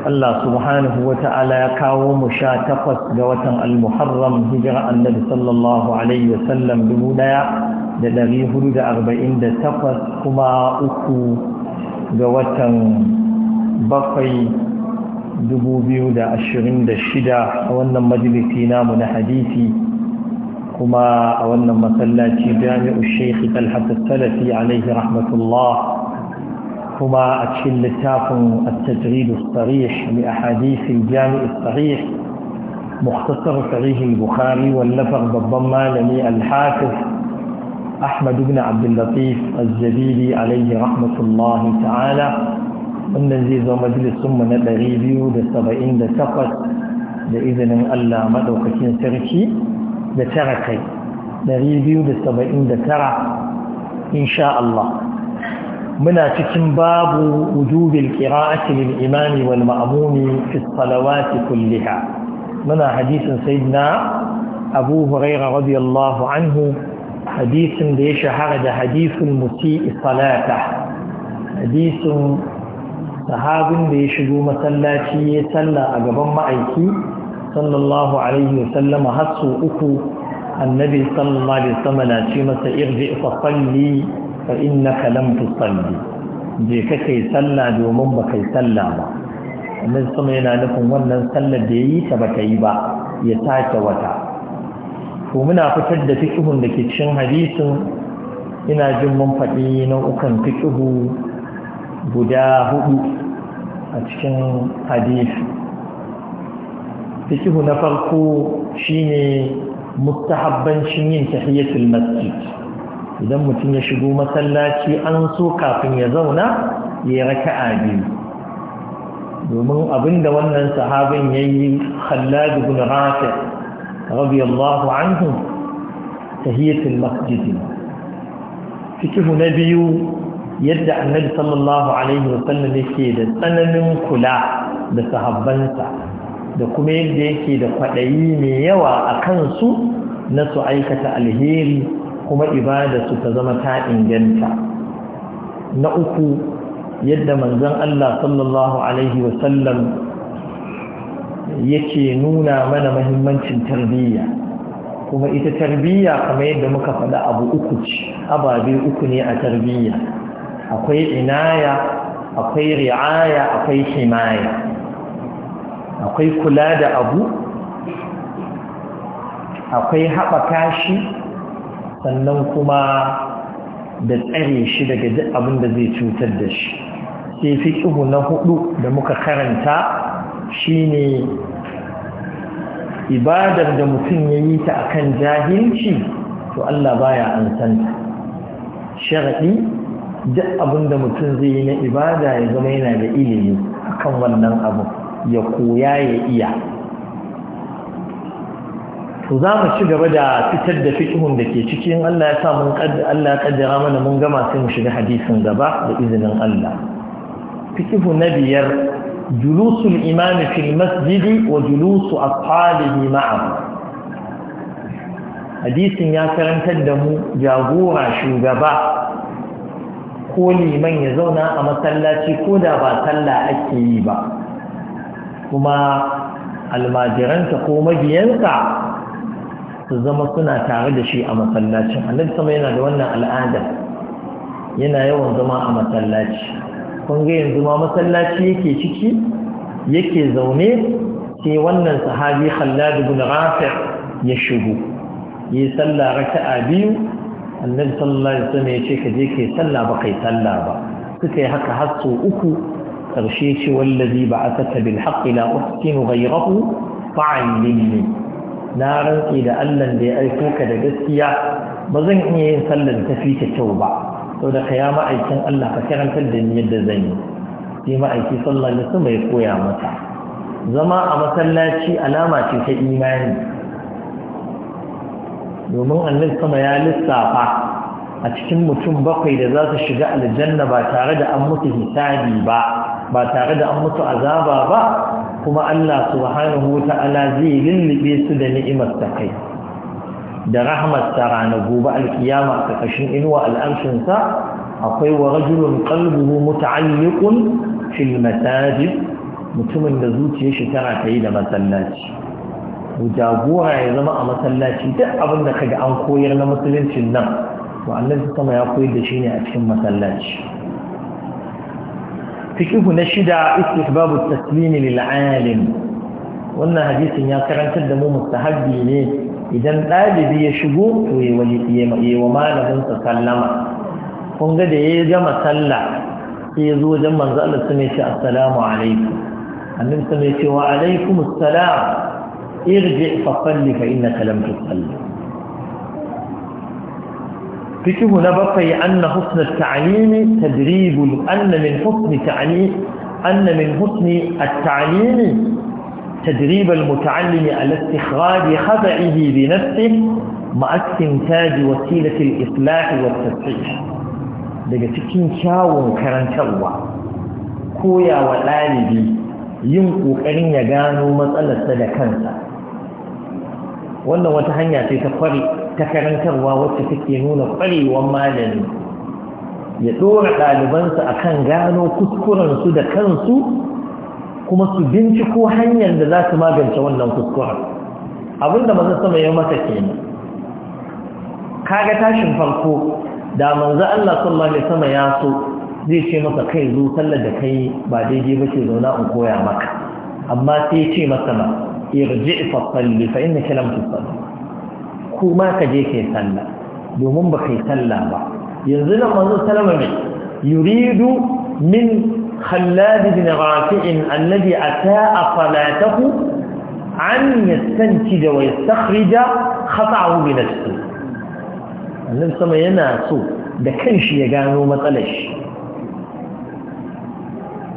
Allah subhanahu wa ta'ala ya kawo mu sha takwas ga watan al-muharram hijira annabi sallallahu alaihi wa sallam dubu daya da ɗari hudu da arba'in da takwas kuma uku ga watan bakwai dubu biyu da ashirin da shida a wannan majalisi namu na hadisi kuma a wannan masallaci jami'u shekhi talhata salafi alaihi rahmatullah كما أتشل لتاكم التجريد الصريح لأحاديث الجامع الصحيح مختصر صحيح البخاري واللفظ بالضمة لني الحافظ أحمد بن عبد اللطيف الزبيدي عليه رحمة الله تعالى النزيز ومجلس من الغيبي لسبعين لتقص لإذن الله مدوكتين سرشي لتركي لغيبي لسبعين لترى إن شاء الله muna cikin babu wujubil qira'ati lil imami wal ma'mumi fi salawati kulliha muna hadisin sayyidina Abu Hurairah radiyallahu anhu hadisin da ya shahara da hadisul muti salata hadisin sahabin da ya shigo masallaci ya salla a gaban ma'aiki sallallahu alaihi sallama har uku annabi sallallahu alaihi wasallam na ce masa irji fa salli fa innaka lam tusalli je ka kai sallah domin ba sallah ba annabi sama yana nufin wannan sallar da yayi ta baka yi ba ya sake wata to muna fitar da fikihun da ke cikin hadisin ina jin mun faɗi nau'ukan fikihu guda hudu a cikin hadisi fiqhu na farko shine mustahabbancin yin tahiyatul masjid idan mutum ya shigo masallaci an so kafin ya zauna ya raka'a biyu domin abinda wannan sahabin yayi Khallad ibn Rafi' radiyallahu anhu tahiyatul masjid fikihu na biyu yadda annabi sallallahu alaihi wasallam yake da tsananin kula da sahabbansa da kuma yadda yake da kwaɗayi mai yawa a kansu na su aikata alheri kuma ibada su ta zama ta inganta na uku yadda manzon Allah sallallahu alaihi wasallam yake nuna mana mahimmancin tarbiyya kuma ita tarbiyya kamar yadda muka faɗa abu uku ce ababe uku ne a tarbiyya akwai inaya akwai ri'aya akwai himaya akwai kula da abu akwai haɓaka shi sannan kuma da tsare shi daga duk abin da zai cutar da shi sai fiƙihu na hudu da muka karanta shine ibadar da mutum ya yi ta akan jahilci to Allah baya an santa sharaɗi duk abin da mutum zai yi na ibada ya zama yana da ilimi akan wannan abu ya koya ya iya to za mu ci gaba da fitar da fiqhun da ke cikin Allah ya sa mun Allah ya kaddara mana mun gama sai mu shiga hadisin gaba da izinin Allah fikihu na biyar julusul imam fil masjid wa julusu ashabihi ma'ahu hadisin ya karantar da mu jagora shugaba ko liman ya zauna a masallaci ko da ba sallah ake yi ba kuma almajiransa ko mabiyansa su zama suna tare da shi a masallacin annabi sama yana da wannan al'ada yana yawan zama a masallaci kun ga yanzu ma masallaci yake ciki yake zaune sai wannan sahabi Khallad ibn Rafi' ya shigo yi sallah raka'a biyu annabi sallallahu alaihi wasallam ya ce ka je kai sallah ba kai sallah ba suka yi haka har sau uku karshe ce wallazi ba'athaka bil haqqi la uhsinu ghayrahu fa'allimni na rantsi da Allah da ya aiko ka da gaskiya ba zan iya yin sallar ta ta kyau ba Sau da kaya, ma'aikin Allah ka karantar da ni yadda zan yi sai ma'aiki sallar da sun koya mata zama a masallaci alama ce ta imani domin annabi sama ya lissafa a cikin mutum bakwai da za su shiga aljanna ba tare da an mutu hisabi ba ba tare da an mutu azaba ba kuma Allah subhanahu ta'ala zai lullube su da ni'imar ta kai da rahmat ta rana gobe alkiyama ta kashin inuwa al'arshin sa akwai wa rajulun qalbuhu muta'alliqun fil masajid mutumin da zuciyar shi tana tayi da masallaci jagora ya zama a masallaci duk abin da kaga an koyar na musuluncin nan to annabi sama ya koyar da shi ne a cikin masallaci تكيف نشدا استحباب التسليم للعالم وانا حديث يا كران تد مو مستحب لي اذا طالب يشغو توي ولي إيه وما لازم تسلم كون ده يي جما صلى يزو جما صلى السلام عليكم النبي صلى الله عليه وسلم السلام ارجع فصلي فانك لم تصلي fikihu na bakwai anna husna ta'limi tadribul anna min husni ta'limi anna min husni at-ta'limi تدريب المتعلم على استخراج خدعه بنفسه مع استنتاج وسيلة الإصلاح والتصحيح daga cikin kyawun karantarwa koya wa ɗalibi yin ƙoƙarin ya gano matsalarsa da kansa wannan wata hanya ce ta kwari ta karantarwa wacce take nuna kwarewar malami ya ɗora ɗalibansa a kan gano kuskurensu da kansu kuma su binciko hanyar da za su magance wannan kuskuren abinda maza sama ya mata ke ne kaga tashin farko da manzo Allah sallallahu alaihi wasallam ya so zai ce masa kai zo sallar da kai ba daidai ba ke zauna in koya maka amma sai ya ce masa يرجع فصلي فإنك لم تصل كما تجيك يسلى يومون بك يسلى ينزل الله عليه وسلم يريد من خلاد بن رافع الذي أتاء صلاته أن يستنتج ويستخرج خطعه بنفسه النبي صلى الله عليه وسلم دكنش يجانو مطلش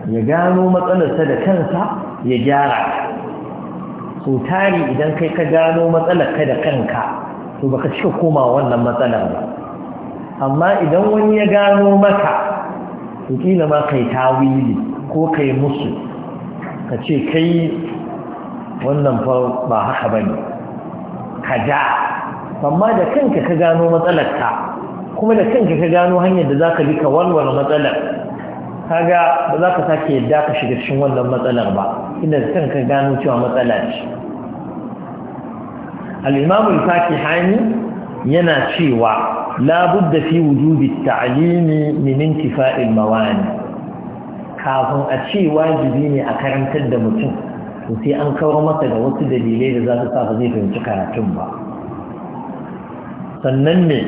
يجانو مطلش دكنسا يجارك so idan kai ka gano matsalar ka da kanka to baka cika koma wannan matsalar ba amma idan wani ya gano maka to kila ma kai tawili ko kai musu ka ce kai wannan fa ba haka bane ka ja amma da kanka ka gano matsalar ka kuma da kanka ka gano hanyar da zaka bi ka warware matsalar kaga ba za ka sake yadda ka shiga cikin wannan matsalar ba fitinar kan ka gano cewa matsala ce al-imam al yana cewa la budda fi wujubi at-ta'limi min intifa'il mawani kafin a ce wajibi ne a karantar da mutum to sai an kawo masa da wasu dalilai da za su sa ba zai fahimci karatun ba sannan ne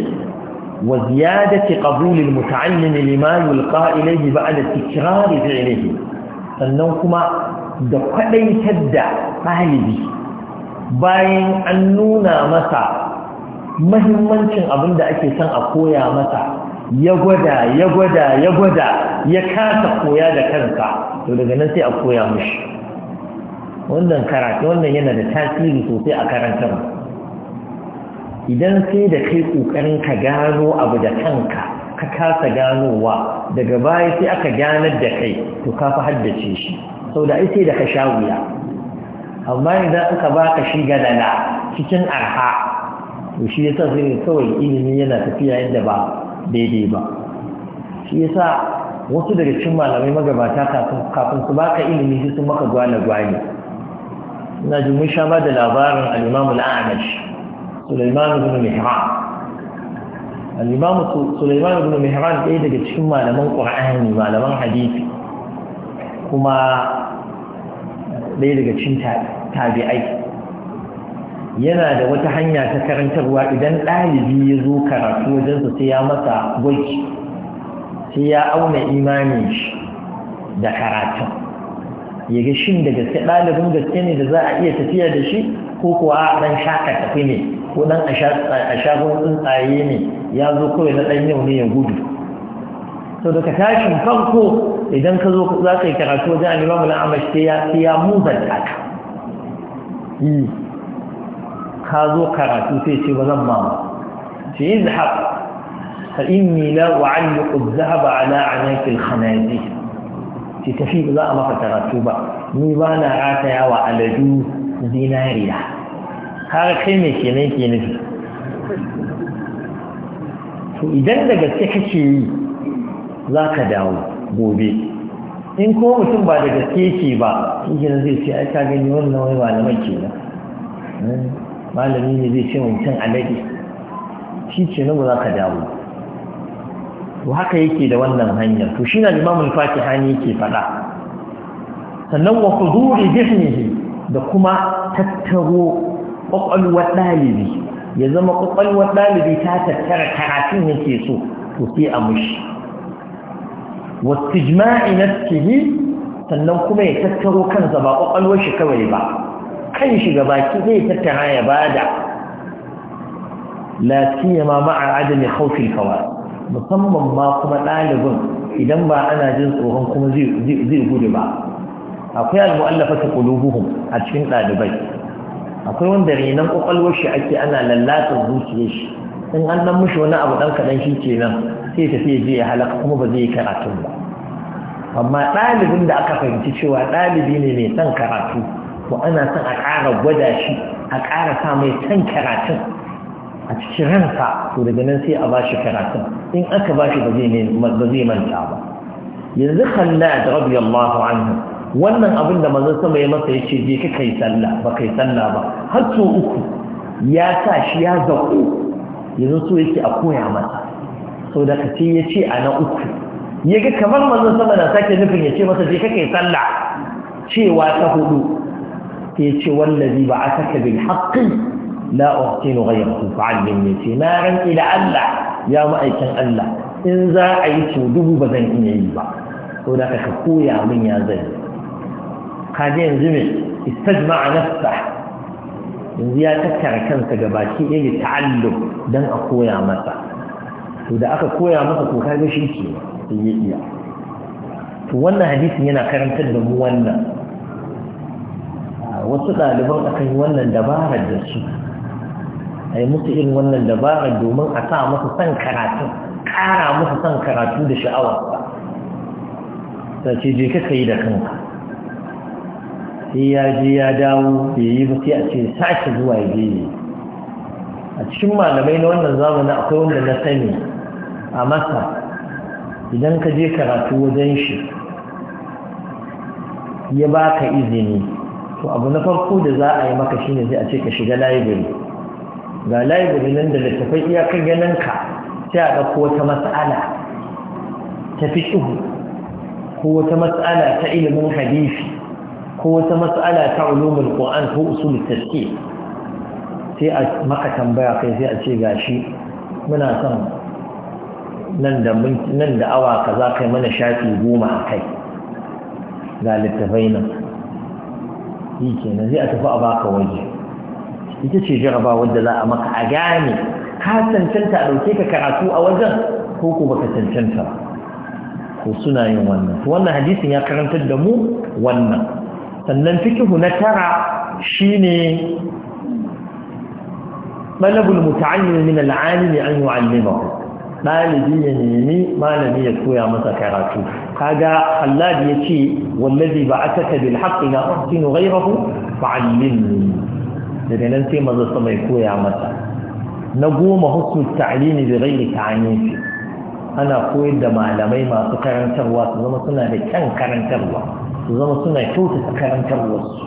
wa ziyadati qabul muta'allimi mutaallim lima yulqa ilayhi ba'da tikrar fi'lihi sannan kuma da kwaɗaitar da ɗalibi bayan an nuna masa mahimmancin abin da ake son a koya masa ya gwada ya gwada ya gwada ya kasa koya da kanka to daga nan sai a koya mushi wannan karatu wannan yana da tasiri sosai a karantar idan sai da kai ƙoƙarin ka gano abu da kanka ka kasa ganowa daga baya sai aka ganar da kai to ka fi haddace shi sau da ai da ka sha wuya amma idan aka baka shi dala, cikin arha to shi yasa sai kawai ilimi yana tafiya yadda ba daidai ba shi yasa wasu daga cikin malamai magabata kafin su baka ilimi su maka gwana gwani ina ji mun sha ba da labarin al-Imam al-A'mash Sulaiman ibn Mihran al-Imam Sulaiman ibn Mihran ɗaya daga cikin malaman Qur'ani malaman hadisi kuma ɗaya daga cin tabi'ai yana da wata hanya ta karantarwa idan ɗalibi ya zo karatu wajensa sai ya masa gwaji sai ya auna imanin shi da karatun ya ga shin da gaske ɗalibin gaske ne da za a iya tafiya da shi ko kuwa a ɗan shaka tafi ne ko ɗan a shagon tsuntsaye ne ya zo kawai na ɗan yau ne ya gudu sau daga tashin farko idan ka zo za ka yi karatu wajen alimamu na amash sai ya muzanta ka ka zo karatu sai ce ba zan mamu ce yi zahab fa inni la wa'alliqu zahaba ala a al-khanazir ce tafi ba za a maka karatu ba ni ba na rataya wa aladu zinariya har kai mai kenan ke nufi to idan da gaske kake yi za ka dawo gobe in ko mutum ba da gaske ke ba shi zai ce ai ka gani wannan wai lamar ke ba hmm? malami ne zai ce mutum alade shi ce nan ba za ka dawo to haka yake da wannan hanyar to shi na limamun fati ne yake faɗa sannan wa ku zuri jihnihi da kuma tattaro ƙwaƙwalwar ɗalibi ya zama ƙwaƙwalwar ɗalibi ta tattara karatun yake so to sai a mushi na نفسه sannan kuma ya tattaro kansa ba kwakwalwar shi kawai ba kan shi baki zai tattara ya bada la siyama ma'a adami khawfil fawas musamman ma kuma ɗalibin idan ba ana jin tsoron kuma zai gudu ba akwai al'mu'allafa ta ƙulubuhun a cikin ɗalibai akwai wanda renon kwakwalwar shi ake ana lallatar zuciyar shi in an dan mushi wani abu dan kadan shi kenan sai tafi je ya halaka kuma ba zai yi karatu ba amma ɗalibin da aka fahimci cewa ɗalibi ne mai son karatu ko ana son a ƙara gwada shi a ƙara sa mai son karatun a cikin ransa to daga nan sai a bashi karatun in aka bashi ba zai manta ba yanzu kalla da rabiyallahu anhu wannan abin da manzon sama ya masa yace je ka kai sallah ba kai sallah ba har so uku ya sa shi ya zaƙo yanzu so yake a koya masa sau da ka ce ya ce a na uku ya ga kamar mazan sama na sake nufin ya ce masa je kake sallah cewa ta hudu ya ce wallazi ba a saka bil haqqi la uhtinu ghayrahu fa'allim ya ce na ran ila Allah ya ma'aikin Allah in za a yi to dubu ba zan iya yi ba sau da ka koya min ya zai ka ji yanzu me istajma'a nafsa yanzu ya tattara kansa ga baki ɗaya ta'allum don a koya masa to da aka koya masa to ga shi ke sai ya iya to wannan hadisin yana karantar da mu wannan ah, wasu ɗaliban akan yi wannan dabarar da su a yi musu irin wannan dabarar domin a sa musu son karatu ƙara musu son karatu da sha'awa ta ce je ka yi da kanka sai ya je ya dawo bai yi ba sai a ce sake zuwa ya yi a cikin malamai na wannan zamani akwai wanda na sani a masa idan ka je karatu wajen shi ya baka izini to abu na farko da za a yi maka shine sai a ce ka shiga laibiri ga laibiri nan da littafai iyakar ganin sai a ɗauko wata matsala ta fiƙihu ko wata mas'ala ta ilimin hadisi ko wata mas'ala ta ulumul qur'an ko usul tafsir sai a maka tambaya kai sai a ce gashi muna son nan da nan da awa kaza kai mana shafi goma kai ga littafai nan yi kenan zai a tafi a baka waje ita ce jaraba wadda za a maka a gane ka cancanta a ɗauke ka karatu a wajen ko ko baka cancanta ko suna yin wannan wannan hadisin ya karantar da mu wannan sannan fikihu na tara shine talabul muta'allim min al'alimi an yu'allimahu ɗalibi ya nemi malami ya koya masa karatu kaga Allah ya ce wallazi ba a taka bil haqqi la uhsinu ghayrahu fa'allimni daga nan sai maza sama ya koya masa na goma husnu da rai ghairi ta'anifi ana koyar da malamai masu karantarwa su zama suna da kyan karantarwa su zama suna kyautata wasu,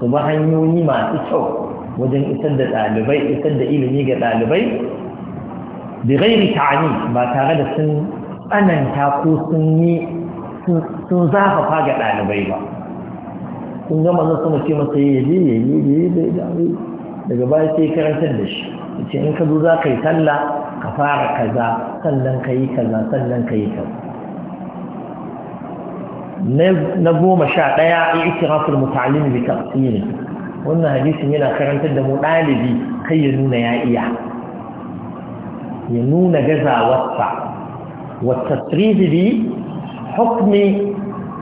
su ba hanyoyi masu kyau wajen isar da ɗalibai isar da ilimi ga ɗalibai da gairi ta'ani ba tare da sun tsananta ko sun yi sun zafafa ga ɗalibai ba sun gama zan sama ce masa yi yi yi yi yi daga baya sai karantar da shi ce in ka zo za ka yi talla ka fara kaza sannan ka yi kaza sannan ka yi kaza na goma sha ɗaya ya ikirafin mutalin bi tafsiri wannan hadisin yana karantar da mu ɗalibi kai ya nuna ya iya ya nuna gazawarsa wata tsirihi bi hukmi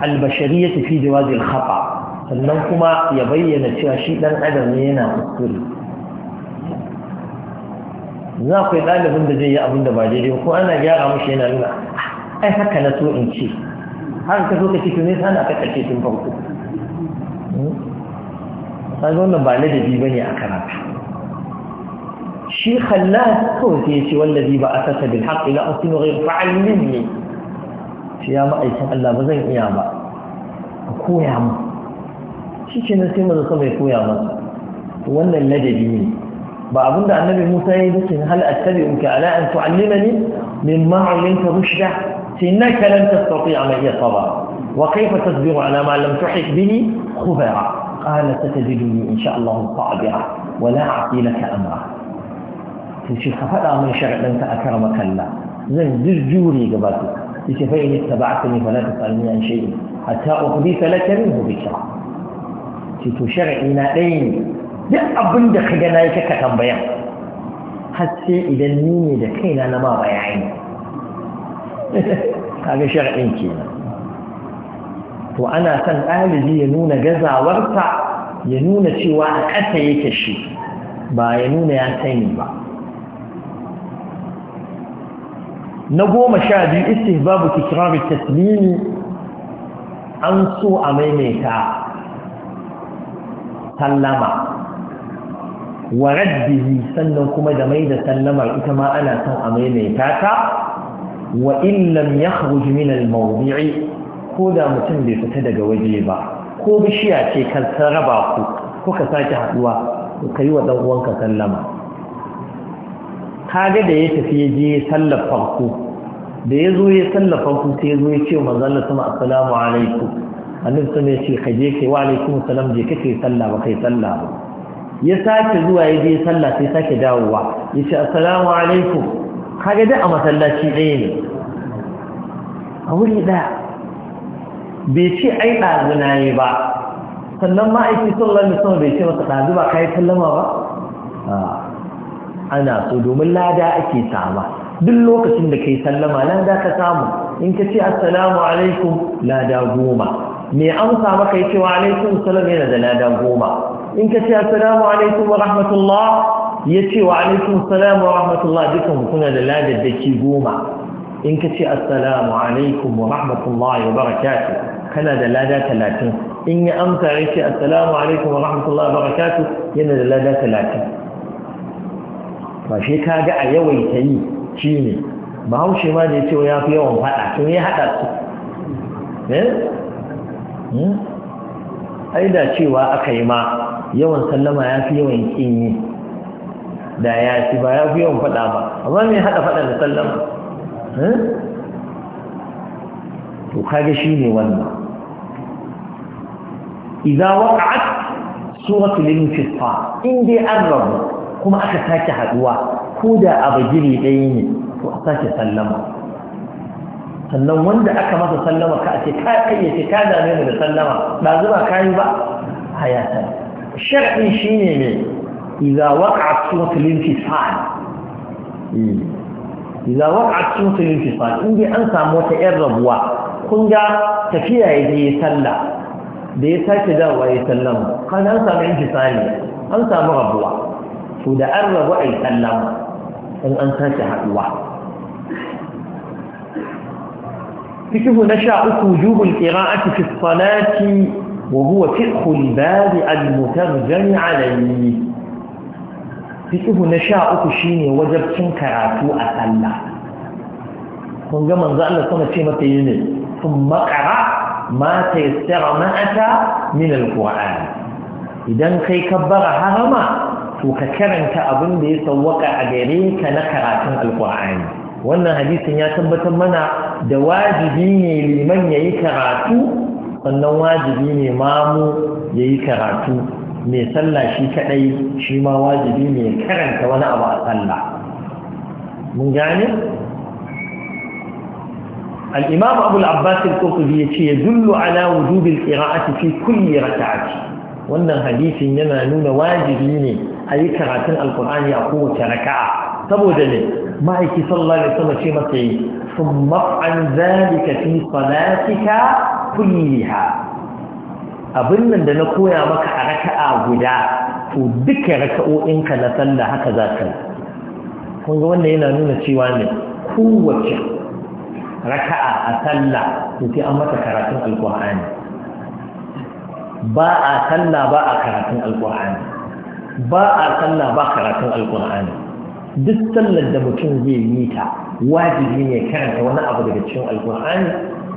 albashariya fi jawazil haɓa. sannan kuma ya bayyana cewa shi ɗan adam ne yana kuskure za ku yi ɗalibin da zai yi abin da ba daidai ko ana gyara mashi yana nuna ah, ai haka na so in ce har ka zo ka ce to ne sana ka kace tun farko sai wannan ba ladabi bane a karatu shi khallas ko sai ya ce wallazi ba asasa bil haqq ila usnu ghayr fa'al minni shi ya ma'aikin Allah ba zan iya ba a koya mu shi ke nan sai mu zaka mai koya masa wannan ladabi ne ba abinda annabi Musa ya yi ba kin hal attabi'uka ala an tu'allimani mimma 'allamta rushda سنك لن تستطيع معي صبرا وكيف تصبر على ما لم تحق به خبرا قال ستجدني إن شاء الله صابرا ولا أعطي لك أمرا تشي فلا من شرع لن تأكرمك الله زين جوري قبلك تشي اتبعتني فلا تسألني عن شيء حتى أحدث لك منه بشرا تشي تشرعي نائين duk abin دخلنا لك كتنبيا حتى إذا نيني har sai idan kaga shar'in kenan to ana son ɗalibi ya nuna gazawarsa ya nuna cewa a ƙasa yake shi ba ya nuna ya sani ba na goma sha biyu babu tikrarin taslimi an so a maimaita sallama wa raddihi sannan kuma da mai da sallamar ita ma ana son a maimaita ta wa illam yakhruj min al-mawdi'i ko da mutum bai fita daga waje ba ko bishiya ce kan raba ku kuka sake haduwa ka yi wa ɗan'uwanka sallama kaga da ya tafi ya je sallar farko da ya zo ya sallar farko sai ya zo ya ce wa manzon sama assalamu alaikum annabi ya ce ka je kai wa alaikum salam je kake sallah ba kai sallah ba ya sake zuwa ya je sallah sai sake dawowa ya ce assalamu alaikum kaga da a masallaci ɗaya ne a wuri ɗaya bai ce ai ɗazuna yi ba sannan ma'aiki sun alaihi wasallam bai ce masa ɗazu ba ka yi sallama ba ana so domin lada ake sama duk lokacin da ka kai sallama lada ka samu in ka ce assalamu alaikum lada goma me amsa maka yace wa alaikum salam yana da lada goma in ka ce assalamu alaikum wa rahmatullah ya ce wa alaikun salamu wa rahmatullah dukan kuna da da ladaddaki goma in ka ce assalamu alaikum wa rahmatullah wa barakatu kana da lada talatin in ya amsa ya ce assalamu alaikum wa rahmatullah wa barakatu yana da lada talatin ba shi ka ga a yawaita yi shi ne bahaushe ma da ya ce ya fi yawan faɗa tun ya haɗa su eh? hmm? ai da cewa aka yi ma yawan sallama ya fi yawan ƙin yi da ya ci ba ya fi yawan faɗa ba amma mai haɗa faɗa da sallama eh? to kage shi ne wannan idza waqa'at suratul infitar in dai an rabu kuma aka sake haduwa ko da abu giri ɗaya ne to a sake sallama sannan wanda aka masa sallama ka ce ka kayyace ka dame mu da sallama ba zuba kayi ba hayata shar'in shine ne إذا وقعت سورة الانفصال إذا وقعت سورة الانفصال إني أنسى متأرب وكنت تفيا يجي يسلى da ya sake dawowa ya sallama kan an samu yanki tsari an samu rabuwa to da an rabu a yi sallama in an sake haɗuwa fikihu na sha uku jubul qira'ati fi salati wa huwa fiqhu al fiqhu na sha uku shine wajabcin karatu a sallah kun ga manzo Allah sama ce mata yi ne Sun qara ma tayassara ma ata min idan kai bara harama to ka karanta abin da ya sawwaka a gare ka na karatun alqur'ani wannan hadisin ya tabbatar mana da wajibi ne liman yayi karatu sannan wajibi ne mamu yayi karatu mai sallah shi kadai shi ma wajibi ne karanta wani abu a sallah mun gane al-imam abul abbas al-qurtubi yace yadullu ala wujubil qira'ati fi kulli rak'ati wannan hadisin yana nuna wajibi ne a yi karatun alkur'ani a kowace raka'a saboda ne ma'aiki sallallahu alaihi wasallam ce masa yi sun maf'an zalika fi salatika kulliha abin nan da na koya maka a raka'a guda to duka raka'o'inka na sallah haka za ka kun ga wannan yana nuna cewa ne kowace raka'a a sallah to sai an mata karatun alkur'ani ba a sallah ba a karatun alkur'ani ba a sallah ba karatun alkur'ani duk sallar da mutum zai yi ta wajibi ne karanta wani abu daga cikin alkur'ani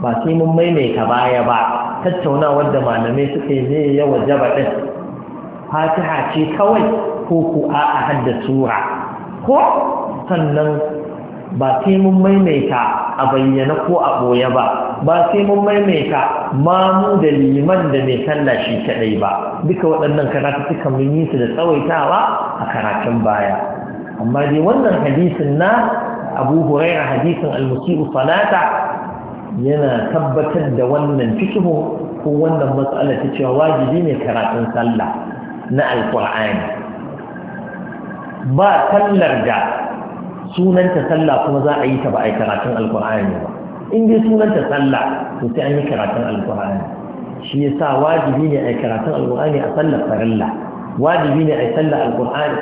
ba sai mun maimaita baya ba tattaunawar da malamai suka yi zai yawa jaba ɗin fatiha ce kawai ko ku a a sura ko sannan ba sai mun maimaita a bayyana ko a ɓoye ba ba sai mun maimaita mamu da liman da mai sallah shi kaɗai ba duka waɗannan karatu suka mun yi su da tsawaitawa a karatun baya amma dai wannan hadisin na abu huraira hadisin almusi'u salata yana tabbatar da wannan fikihu ko wannan matsala ta cewa wajibi ne karatun sallah na alkur'ani ba sallar da sunanta sallah kuma za a yi ta ba a yi karatun alkur'ani ba in dai sunanta sallah to sai an yi karatun alkur'ani shi sa wajibi ne a yi karatun alkur'ani a sallar farilla wajibi ne a yi sallar alkur'ani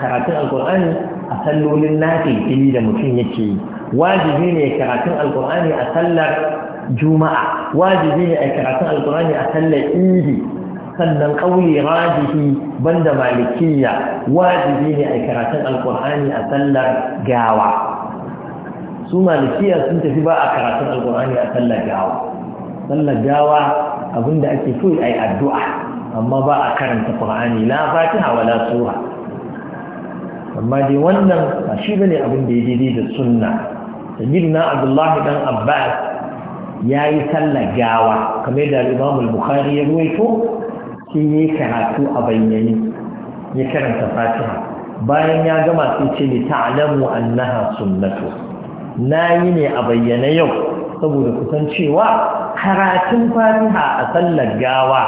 karatun alkur'ani a sallolin nafi da mutum yake yi wajibi ne karatun alkur'ani a sallar juma'a wajibi ne a karatun alkur'ani a sallar idi sannan ƙauli rajihi banda malikiya wajibi ne a karatun alkur'ani a sallar gawa su malikiya sun tafi ba a karatun alkur'ani a sallar gawa sallar gawa abinda ake so a yi addu'a amma ba a karanta qur'ani la fatiha wala sura amma dai wannan ba shi bane abin da ya daidai da sunna sayyidina abdullahi dan abbas ya yi sallar gawa kamar yadda imam bukhari ya ruwaito sai ya yi karatu a bayyane ya karanta fatiha bayan ya gama sai ce ni ta'lamu annaha sunnatu na yi ne a bayyana yau saboda kusan cewa karatun fatiha a sallar gawa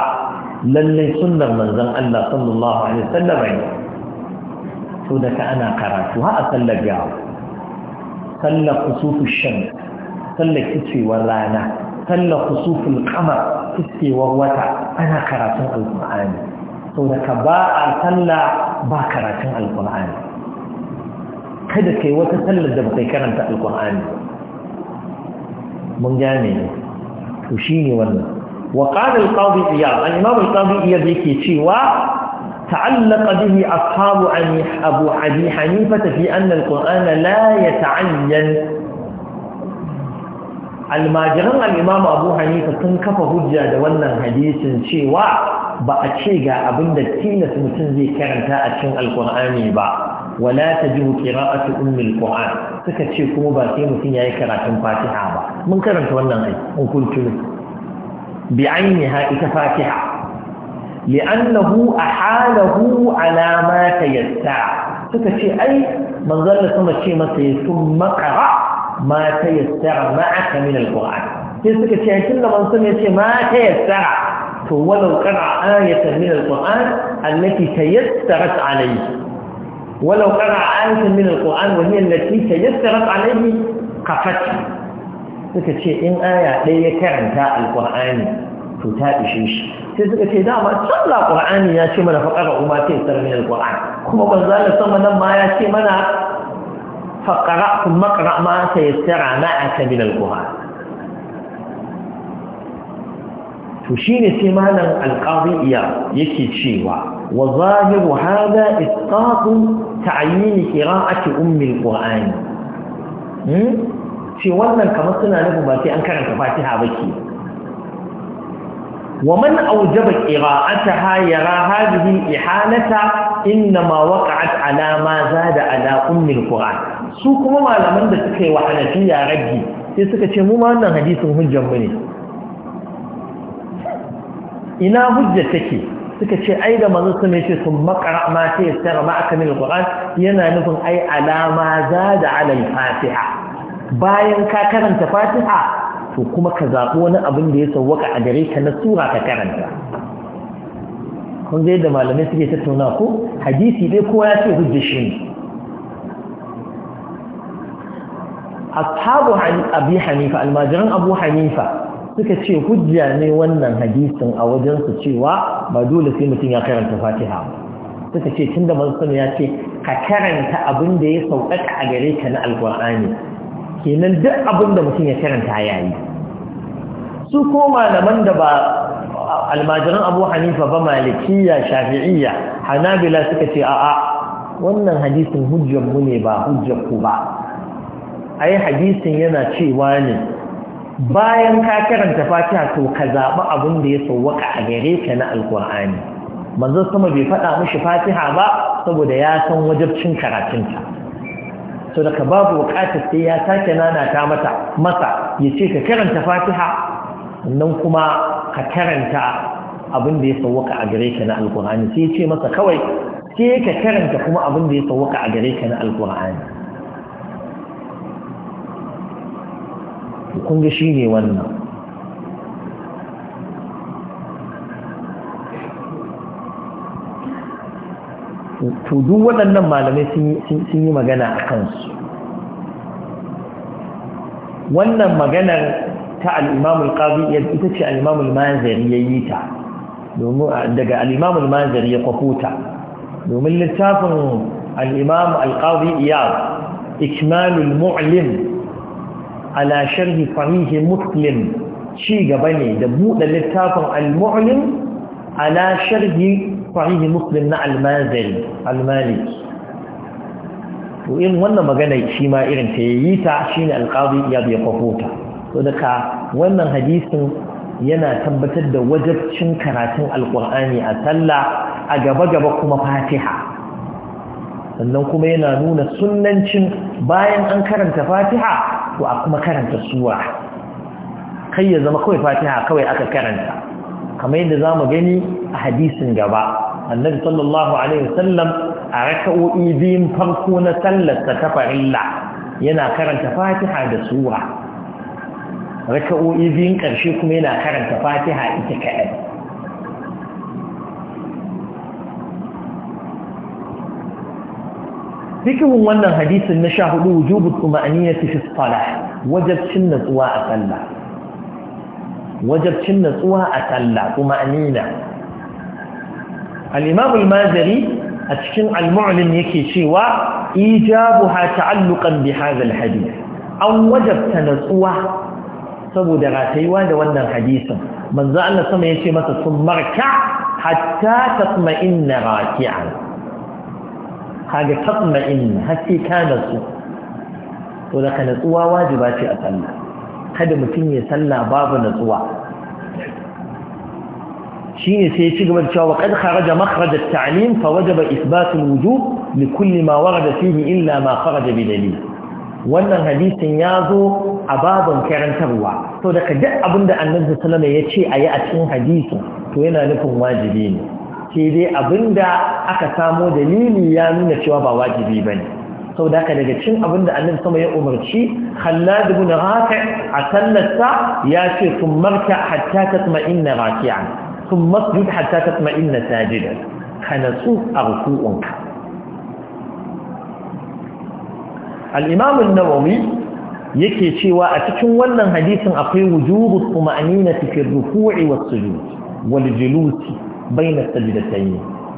lallai sunnar manzon Allah sallallahu alaihi wasallam ne so da ka ana karatu ha a sallar yawo sallar kusufu shan sallar kicewar rana sallar kusufin kama, kicewar wata ana karatun alkur'ani so da ka ba a sallah ba karatun alkur'ani kada kai wata sallar da ba kai karanta alkur'ani mun gane ne to ne wannan wa qala al-qadi iyad al-imam al-qadi iyad yake cewa تعلق به أصحاب أبو أبي حنيفة في أن القرآن لا يتعين الماجران الإمام أبو حنيفة تنكف هجة دولنا حديث شيوا بأتشيغا أبن دكتينة متنزي كرنتا أتشن القرآن با ولا تجه قراءة أم القرآن تكتشيكم باتي متنيا يكرا فاتحة با من كرنت ولنا أي أقول بعينها إتفاتحة li'annahu a ala ma tayatta suka ce ai manzon da sama ce masa ya sun makara ma tayatta ma'aka min alquran sai suka ce ai tunda manzon ya ma tayatta to walau qara ayatan min ولو قرأ آية من القرآن وهي التي تيسرت عليه قفت suka ce in aya ɗaya ya karanta alƙur'ani to ta ishe shi sai suka ce dama can la qur'ani ya ce mana faqara umma ta isar min alquran kuma banza da sama nan ma ya ce mana faƙara, kun maqra ma ta yasara ma'aka min alquran to shine sai malam alqadi iya yake cewa wa zahiru hada isqatu ta'yin qira'ati ummi alquran ce hmm? wannan kamar suna nufin ba sai an karanta fatiha ba ke ومن أوجب قراءتها يرى هذه الإحالة إنما وقعت على ما زاد على أم القرآن سوكما ما لمن دا سكي وحنفية رجي سيسكا تشمو ما أنه حديث هجة مني إنا هجة تكي suka ce ai da manzo sun ce sun makara ma ce tsara ma aka min alquran yana nufin ai alama za da alal fatiha bayan ka karanta fatiha to kuma ka zaɓi wani abin da ya sauwaka a gare ka na sura ka karanta kun zai da malamai suke tattauna ko hadisi dai kowa ya ce hujjar shi ne abi hanifa almajiran abu hanifa suka ce hujja ne wannan hadisin a wajen su cewa ba dole sai mutum ya karanta fatiha suka ce tunda manzon ya ce ka karanta abin da ya sauƙaƙa a gare ka na alƙur'ani kenan duk abin da mutum ya karanta yayi su ko malaman da ba almajiran abu hanifa ba malikiya shafi'iyya hanabila suka ce a'a wannan hadisin hujjar mu ne ba hujjar ku ba ai hadisin yana cewa ne bayan ka karanta fatiha to ka zaɓi abin da ya sauwaka a gare ka na alkur'ani manzo sama bai faɗa mishi fatiha ba saboda ya san wajabcin karatunta so daga babu buƙatar sai ya sake nana ta mata masa ya ce ka karanta fatiha sannan kuma ka karanta abin da ya sauwaka a gare ka na alkur'ani sai ce masa kawai sai ka karanta kuma abin da ya sauwaka a gare ka na alkur'ani kun shi ne wannan to waɗannan malamai sun yi magana a kansu wannan maganar ta al'imamul imam ita ce al-imam ta daga al'imamul manzari ya kwafuta domin littafin al-imam iya qadi iyad mulim ala sharh sahih muslim ci gaba ne da buɗe littafin al-mu'lim ala sharh sahih muslim na al-manzari to in wannan magana shi ma irin ta yayi ta shine alqazi ya bi kwafuta to wannan hadisin yana tabbatar da wajabcin karatun alkur'ani a sallah a gaba-gaba kuma fatiha sannan kuma yana nuna sunnancin bayan an karanta fatiha to a kuma karanta suwa kai ya zama kawai fatiha kawai aka karanta kamar yadda za mu gani a hadisin gaba annabi sallallahu alaihi wasallam a raka'o'i biyun farko na sallar ta farilla yana karanta fatiha da suwa raka'o'i biyun ƙarshe kuma yana karanta fatiha ita kaɗai fikirin wannan hadisin na sha hudu wujubu tuma'aniyati fi salah wajabcin natsuwa a sallah wajabcin natsuwa a sallah kuma anina mazari a cikin al yake cewa ijabuha ta'alluqan bi hadha al an wajabta natsuwa saboda ratayuwa da wannan hadisin manzo Allah sama yace masa sun marka hatta tatma'inna raki'an kaga tatma'inna hatta kana su to da kana tsuwa wajiba ce a sallah kada mutum ya salla babu natsuwa makhraj at-ta'lim fa wajaba ithbat al-wujub li kulli ma warada fihi illa ma kharaja bi dalil wannan hadisin ya zo a babin karantarwa to daga duk abin da annabi sallama ya ce a yi a cikin hadisi to yana nufin wajibi ne sai dai abin aka samo dalili ya nuna cewa ba wajibi ba ne sau da daga cin abin da annabi sama ya umarci khallad ibn rafi a tallasta ya ce sun marka hatta inna raki'an sun masjid hatta inna sajidan ka natsu a ruku'unka al'imamun nawawi yake cewa a cikin wannan hadisin akwai wujubu tuma'anina fi rufu’i was sujud wal julusi baina sajdatayn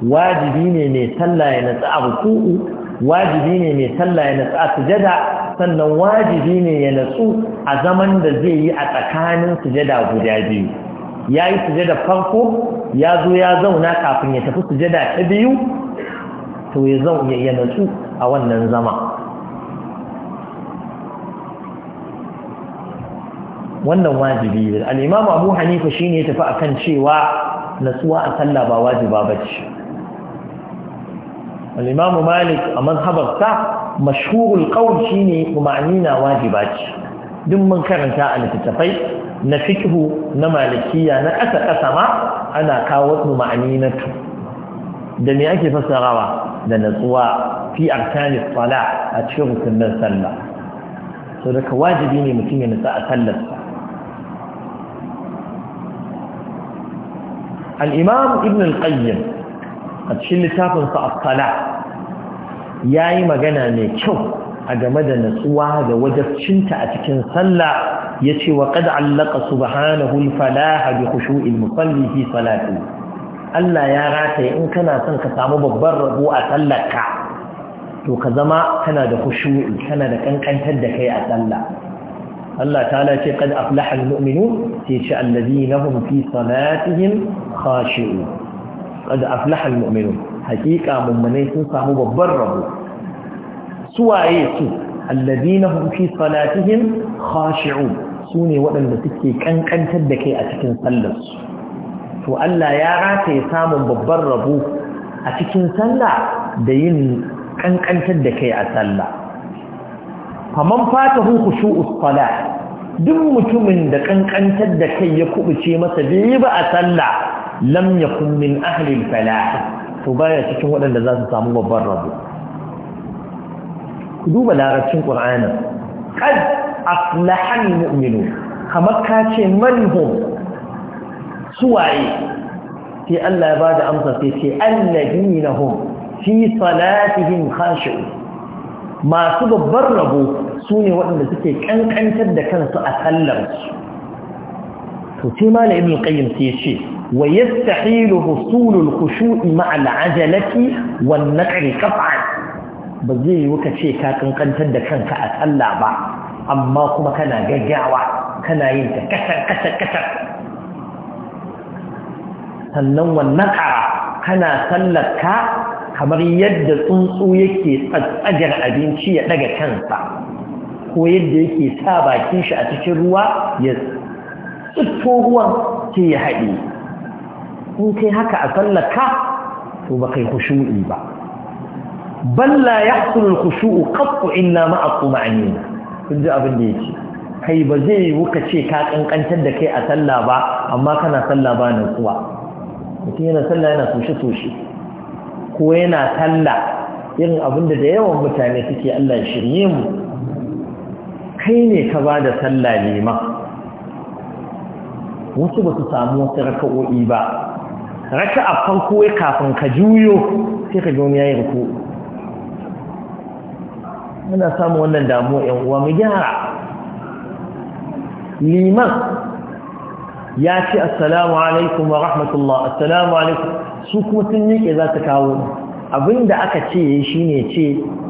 wajibi ne mai sallah ya natsa a ruku'u wajibi ne mai talla ya natsa a sujada sannan wajibi ne ya natsu a zaman da zai yi a tsakanin sujada guda biyu ya yi sujada farko ya zo ya zauna kafin ya tafi sujada ta biyu to ya natsu a wannan zama wannan wajibi ne al-imam abu hanifa shine ya tafi akan cewa natsuwa a sallah ba wajiba bace al-imam malik a sa mashhurul qawl shine tumanina wajiba ce duk mun karanta a littattafai na fiqhu na malikiya na ƙasa ƙasa ma ana kawo tumaninatu da me ake fassarawa da natsuwa fi arkanis sala a cikin rukunin sallah so daga wajibi ne mutum ya nutsa a sallarsa al'imam ibn al'ayyar a cikin littafinsa a kala ya yi magana mai kyau a game da natsuwa da wajabcinta a cikin sallah ya ce wa kada allaka subhanahu falaha bi khushu'il musalli fi salatu." Allah ya rataye in kana son ka samu babban rabo a sallarka to ka zama kana da khushu'i kana da ƙanƙantar da kai a sallah Allah ta'ala ce qad aflaha almu'minun sai ce alladhina hum fi salatihim khashi'un qad aflaha almu'minun haqiqa mu'minai sun samu babban rabo suwaye su alladhina hum fi salatihim khashi'un sune waɗanda suke kankantar da kai a cikin sallar su to Allah ya rataye samun babban rabo a cikin sallah da yin kankantar da kai a sallah faman fatahu khushu'us salah duk mutumin da kankantar da kai ya kubuce masa bai ba a sallah lam yakun min ahli al-falah to baya cikin waɗanda za su samu babban rabo ku duba larabcin qur'anin qad aflaha al-mu'minun kamar ka ce manhum suwaye sai Allah ya bada amsa sai ce alladina hum fi salatihim khashi'un masu babbar rabo su ne waɗanda suke ƙanƙantar da kansu a sallarsu to ma mala ibn qayyim su ya ce wa yastahilu husulul khushu'i ma'a al'ajalati wan naqri qat'an ba zai yi ka ce ka ƙanƙantar da kanka a tsalla ba amma kuma kana gaggawa kana yin ta kasar kasar kasar sannan wannan ƙara kana sallar ka kamar yadda tsuntsu yake tsagar abinci ya daga kansa ko yadda yake sa bakin shi a cikin ruwa ya tsitto ruwan ke ya haɗe in kai haka a sallaka to ba kai khushu'i ba balla yahsul al-khushu'u qattu illa ma'a tuma'anina kun ji abin da ce. kai ba zai wuka ce ka kankantar da kai a sallah ba amma kana sallah ba kuwa. mutum yana sallah yana toshe toshe ko yana sallah irin abin da yawan mutane suke Allah shirye mu kai ne ka ba da sallah liman wasu ba su samu wasu raka'o'i ba raka a farko ya kafin ka juyo sai ka jomi ya yi ruku muna samun wannan damuwa yan uwa mu gyara liman ya ce assalamu alaikum wa rahmatullah assalamu alaikum su kuma sun miƙe za su kawo abinda aka ce shine ce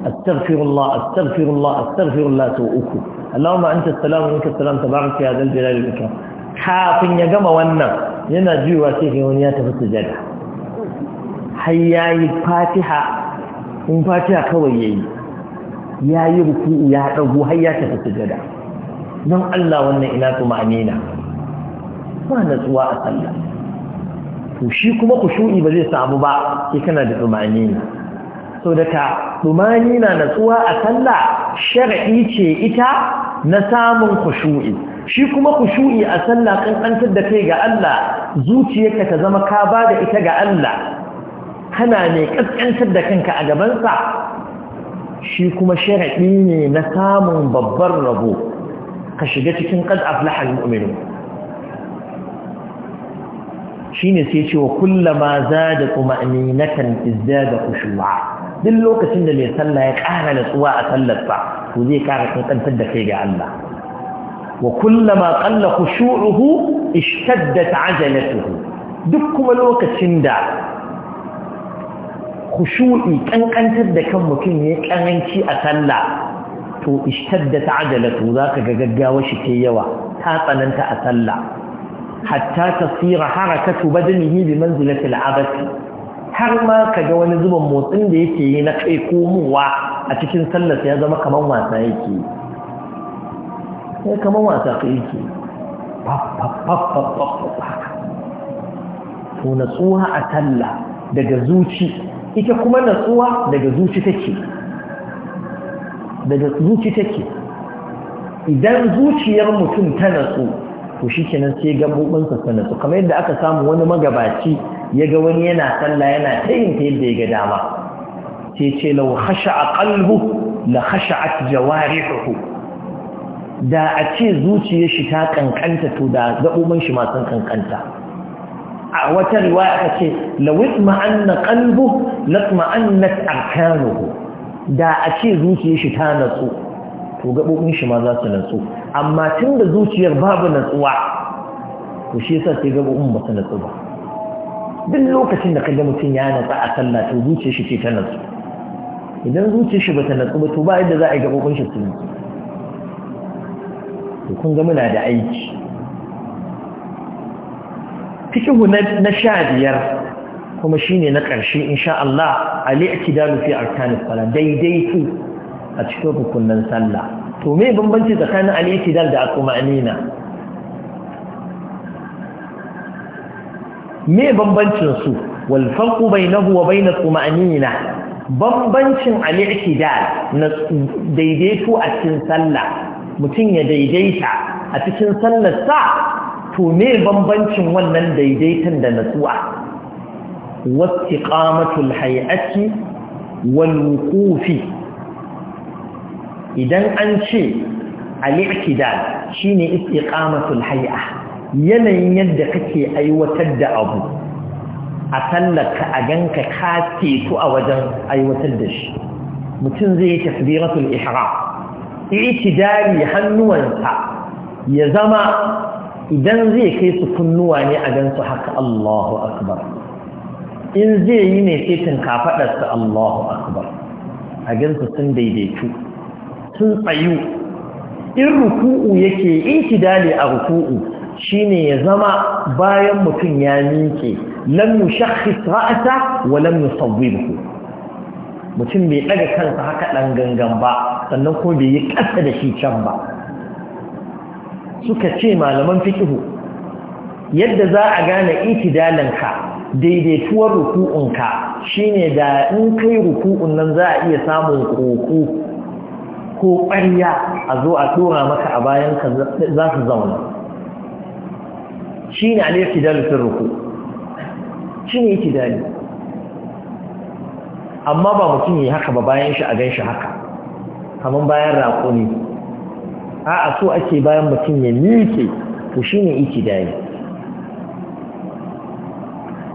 astaghfirullah astaghfirullah astaghfirullah to uku Allahumma anta salamu minka salam tabaraka ya dal jalali wal kafin ya gama wannan yana jiwa sai kai wani ya tafi sujada har yayi fatiha in fatiha kawai yayi yayi ruku'u ya dago har ya tafi sujada don Allah wannan ina kuma amina ba natsuwa a sallah to shi kuma kushu'i ba zai samu ba sai kana da tsumani ne so ka tsumani na natsuwa a sallah shar'i ce ita na samun kushu'i shi kuma kushu'i a sallah ƙanƙantar da kai ga Allah zuciyarka ta zama ka ba da ita ga Allah kana ne kaskantar da kanka a gabansa shi kuma shar'i ne na samun babbar rabo ka shiga cikin qad aflaha muminun shine sai ce wa kullama zada Aminatan izdada khushu'a duk lokacin da mai sallah ya ƙara natsuwa a sallarsa to zai kara kankantar da kai ga Allah wa kullama qalla khushu'uhu ishtaddat 'ajalatuhu duk kuma lokacin da khushu'i kankantar da kan mutum ya karanci a sallah to ishtaddat 'ajalatuhu zaka ga gaggawa shi ke yawa ta tsananta a sallah hatta tasira harakatu badanihi bi manzilati al'abasi har ma ka ga wani zuban motsin da yake yi na kai komowa a cikin sallarsa ya zama kaman wasa yake ya kaman wasa kai yake to natsuwa a talla daga zuci ita kuma natsuwa daga zuci take daga zuci take idan zuciyar mutum ta natsu to shi kenan sai gabobinsa sana su kamar yadda aka samu wani magabaci ya ga wani yana sallah yana tayin ta yadda ya ga dama sai ce lau khasha'a qalbu la khasha'at jawarihu da a ce zuciyar shi ta kankanta to da gabobin shi ma sun kankanta a wata riwaya aka ce lawit ma'anna qalbu latma'annat arkanuhu da a ce zuciyar shi ta natsu to gaɓoɓin shi ma za su natsu amma tun da zuciyar babu natsuwa to shi yasa sai gaɓoɓin ba su natsu ba duk lokacin da kaga mutum ya natsa a sallah to zuciyar shi ce ta natsu idan zuciyar shi ba ta natsu ba to ba yadda za a yi gaɓoɓin shi su to kun ga muna da aiki fikihu na sha biyar kuma shine na ƙarshe insha Allah al-i'tidalu fi arkanis sala daidaitu a cikin rukunin sallah to me bambanci tsakanin al da at me bambancin su walfarku bai na wa bai na tumanina bambancin al na daidaito a cikin sallah mutum ya daidaita a cikin sallar sa to me bambancin wannan daidaitan da natsuwa wastiqamatul hay'ati wal kufi. idan an ce ali itidal shine istiqamatul hay'a yanayin yadda kake aiwatar da abu a tallaka a ganka ka teku a wajen aiwatar da shi mutum zai yi tasbiratul ihram i'tidali hannuwansa ya zama idan zai kai su kunnuwa ne a gansu haka Allahu akbar in zai yi ne sai tun Allahu akbar a gansu sun daidaitu sun tsayu in ruku'u yake intidali a ruku'u shine ya zama bayan mutum ya miƙe lam yushakhis ra'sa wa lam yusawwibhu mutum bai daga kansa haka dan gangan ba sannan ko bai yi kasa da shi can ba suka ce malaman fiqh yadda za a gane itidalanka daidaituwar ruku'unka shine da in kai ruku'un nan za a iya samun koko ko ƙwarya a zo a ɗora maka a bayan ka za su zauna shi ne alayyar tidali sun ruku shi ne tidali amma ba mutum ya haka ba bayan shi a gan shi haka kamar bayan raƙo ne a a so ake bayan mutum ya miƙe to shi ne itidali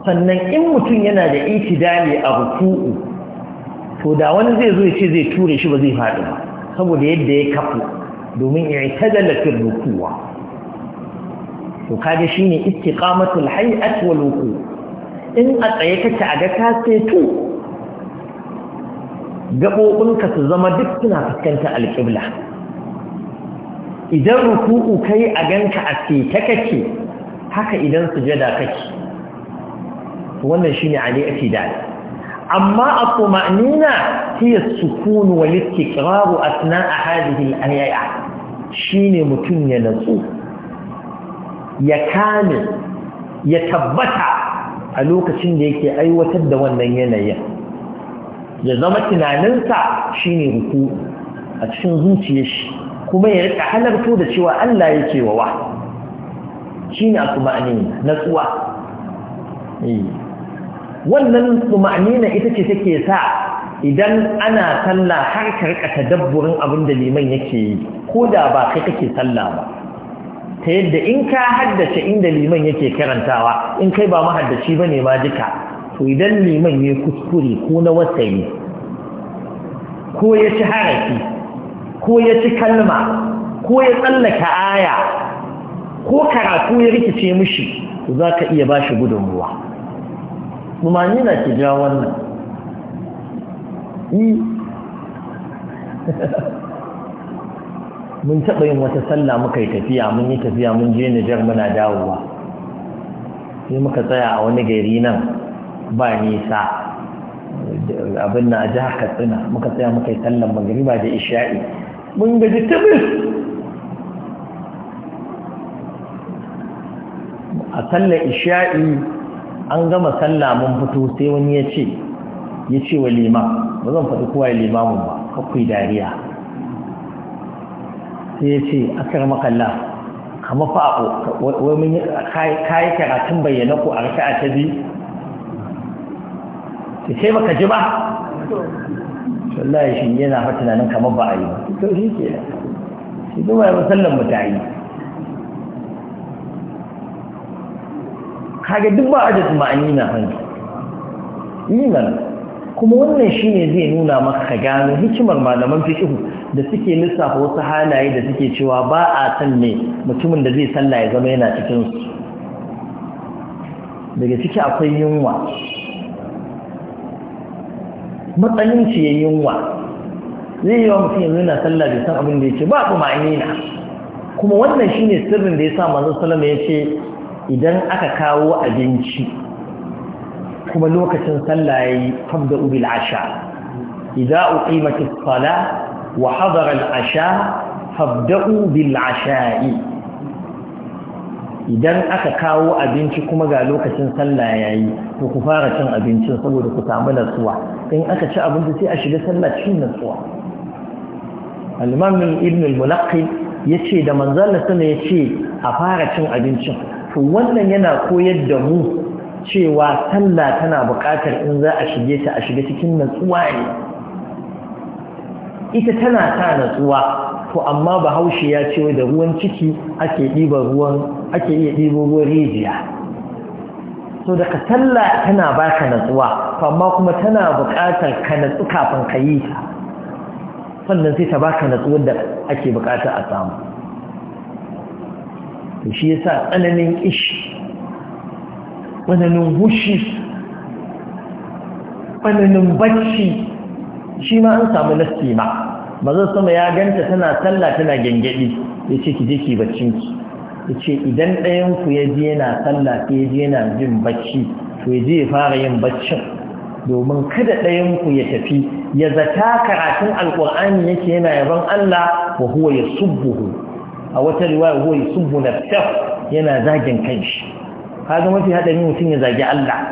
sannan in mutum yana da itidali a ruku'u to da wani zai zo ya ce zai ture shi ba zai faɗi ba saboda yadda ya kafu domin i'tadala fi rukuwa to kaga shine istiqamatul hay'at wal wuqu in a tsaye kake a ga ka setu su zama duk suna fuskanta alƙibla idan ruku'u kai a ganka a seta kake haka idan sujada kake wannan shine ali ake da amma a tsumanina fi yă sukunu wa liske kiraru a suna a halihin ayyaya shi ne mutum ya natsu ya kame ya tabbata a lokacin da yake aiwatar da wannan yanayin ya zama tunaninsa shi ne huku a cikin zuciya shi kuma ya rika halarto da cewa allah ya ce wa shi ne a tsumanina natsuwa eh. wannan tumanina ita ce take sa idan ana sallah har ka rika tadabburin abin da liman yake yi ko da ba kai kake sallah ba ta yadda in ka haddace inda liman yake karantawa in kai ba mahaddaci ba ne ma duka to idan liman ya kuskure ko na wasayi ko ya ci haraki, ko ya ci kalma ko ya tsallaka aya ko karatu ya rikice mishi za ka iya ba shi gudunmuwa ni na ke ja wannan yi mun taɓa yin wata sallah muka yi tafiya mun yi tafiya mun je nijar muna dawowa sai muka tsaya a wani gari nan ba nisa abin na a jihar katsina muka tsaya muka yi sallan magariba da isha'i mun gaji tabis a sallar isha'i an gama sallah mun fito sai wani ya ce ya ce wa liman ba zan faɗi kowa ya limamin ba kakwai dariya sai ya ce akar makalla kama fa wai mun kayi karatun bayyana ko a a ta bi ta ce baka ji ba shi yana fa tunanin kamar ba a yi ba to shi ke shi zuwa ya musallan mutane kage duk ba adad ma'ani na hannu iman kuma wannan shine zai nuna maka gano hikimar malaman fiqh da suke lissafa wasu halaye da suke cewa ba a san ne mutumin da zai sallah ya zama yana cikin su daga ciki akwai yunwa matsalinci ya yunwa zai yi wa mutum yanzu yana sallah bai san abin da yake ba kuma ma'ani na kuma wannan shine sirrin da ya sa manzon salama ya ce idan aka kawo abinci kuma lokacin sallah yayi qabda ubil asha idza uqimat as-sala wa hadara al-asha fabda'u bil asha'i idan aka kawo abinci kuma ga lokacin sallah yayi to ku fara cin abincin saboda ku samu natsuwa in aka ci abinci sai a shiga sallah cikin natsuwa al-imam ibn al-mulaqqi yace da manzon sallallahu alaihi wasallam yace a fara cin abincin to wannan yana koyar da mu cewa talla tana buƙatar in za a shige ta a shige cikin natsuwa ne ita tana ta natsuwa to amma bahaushe ya ce da ruwan ciki ake ɗiba ruwan ake iya ɗibo ruwan rijiya to daga sallah tana baka natsuwa to amma kuma tana buƙatar ka natsu kafin ka yi ta sannan sai ta baka natsuwar da ake buƙata a samu shi yasa tsananin ishi, tsananin hushi tsananin bacci shi ma an samu nasti ma mazan sama ya ganta tana sallah tana gyangyaɗi ya ce ki je ki baccinki ya ce idan ɗayanku ya je yana sallah ya je yana jin bacci to ya je ya fara yin baccin domin kada ɗayanku ya tafi ya zata karatun alƙur'ani yake yana yaban Allah wa huwa yasubbuhu a wata riwaya huwa yusubbu nafsah yana zagin kanshi kaga mafi hadari mutum ya zagi Allah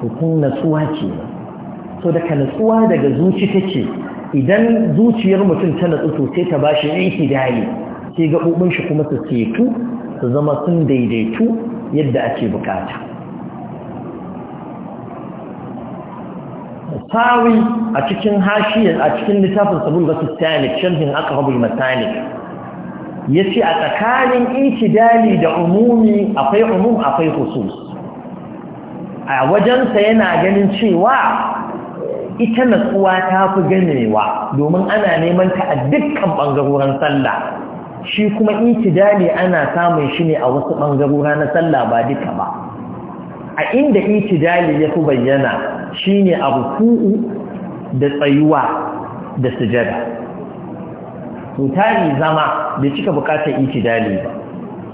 hukun natsuwa ce so daga natsuwa daga zuci take idan zuciyar mutum ta natsu to sai ta bashi aiki da yayi sai gaɓoɓin shi kuma su setu su zama sun daidaitu yadda ake bukata sawi a cikin hashiyar a cikin littafin sabon su tanik shamhin aka rabu matanik ya ce a tsakanin Itidali da umumi akwai umum akwai husus a wajensa yana ganin cewa ita natsuwa ta fi ganewa domin ana neman ta a dukkan ɓangaroren sallah shi kuma Itidali ana samun shi ne a wasu ɓangarora na sallah ba duka ba a inda Itidali ya fi bayyana shine arku'u da tsayuwa da sujada to tani zama bai cika bukatar itidali ba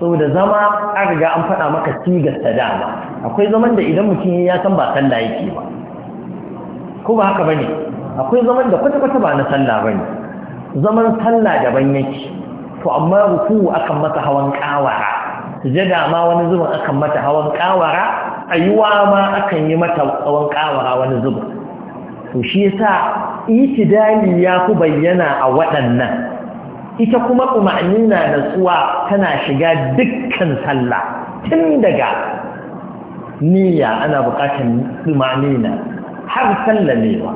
saboda zama an riga an faɗa maka sigar ta dama akwai zaman da idan mutum ya san ba sallah yake ba ko ba haka bane akwai zaman da kwata-kwata ba na sallah bane zaman sallah daban yake to amma ruku akan mata hawan kawara sujada ma wani zuban akan mata hawan kawara A wa ma akan yi mata tsawon kawara wani zuba to shi yasa itidali ya ku bayyana a waɗannan ita kuma umarnina na tsuwa tana shiga dukkan sallah tun daga niyya ana buƙatar umarnina har sallamewa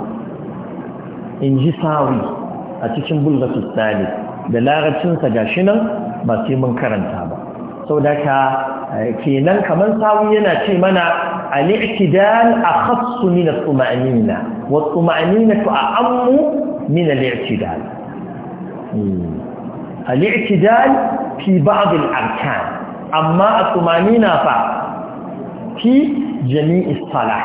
in ji sawi a cikin bulgasus da larabcinsa ga shi nan ba sai mun karanta ba sau da eh, kenan kamar sawu yana ce mana al'i'tidal a khassu min al-tuma'anina wa tuma'anina tu a ammu min al'i'tidal hmm. al'i'tidal fi ba'd arkan amma a tumanina fa fi jami'i salah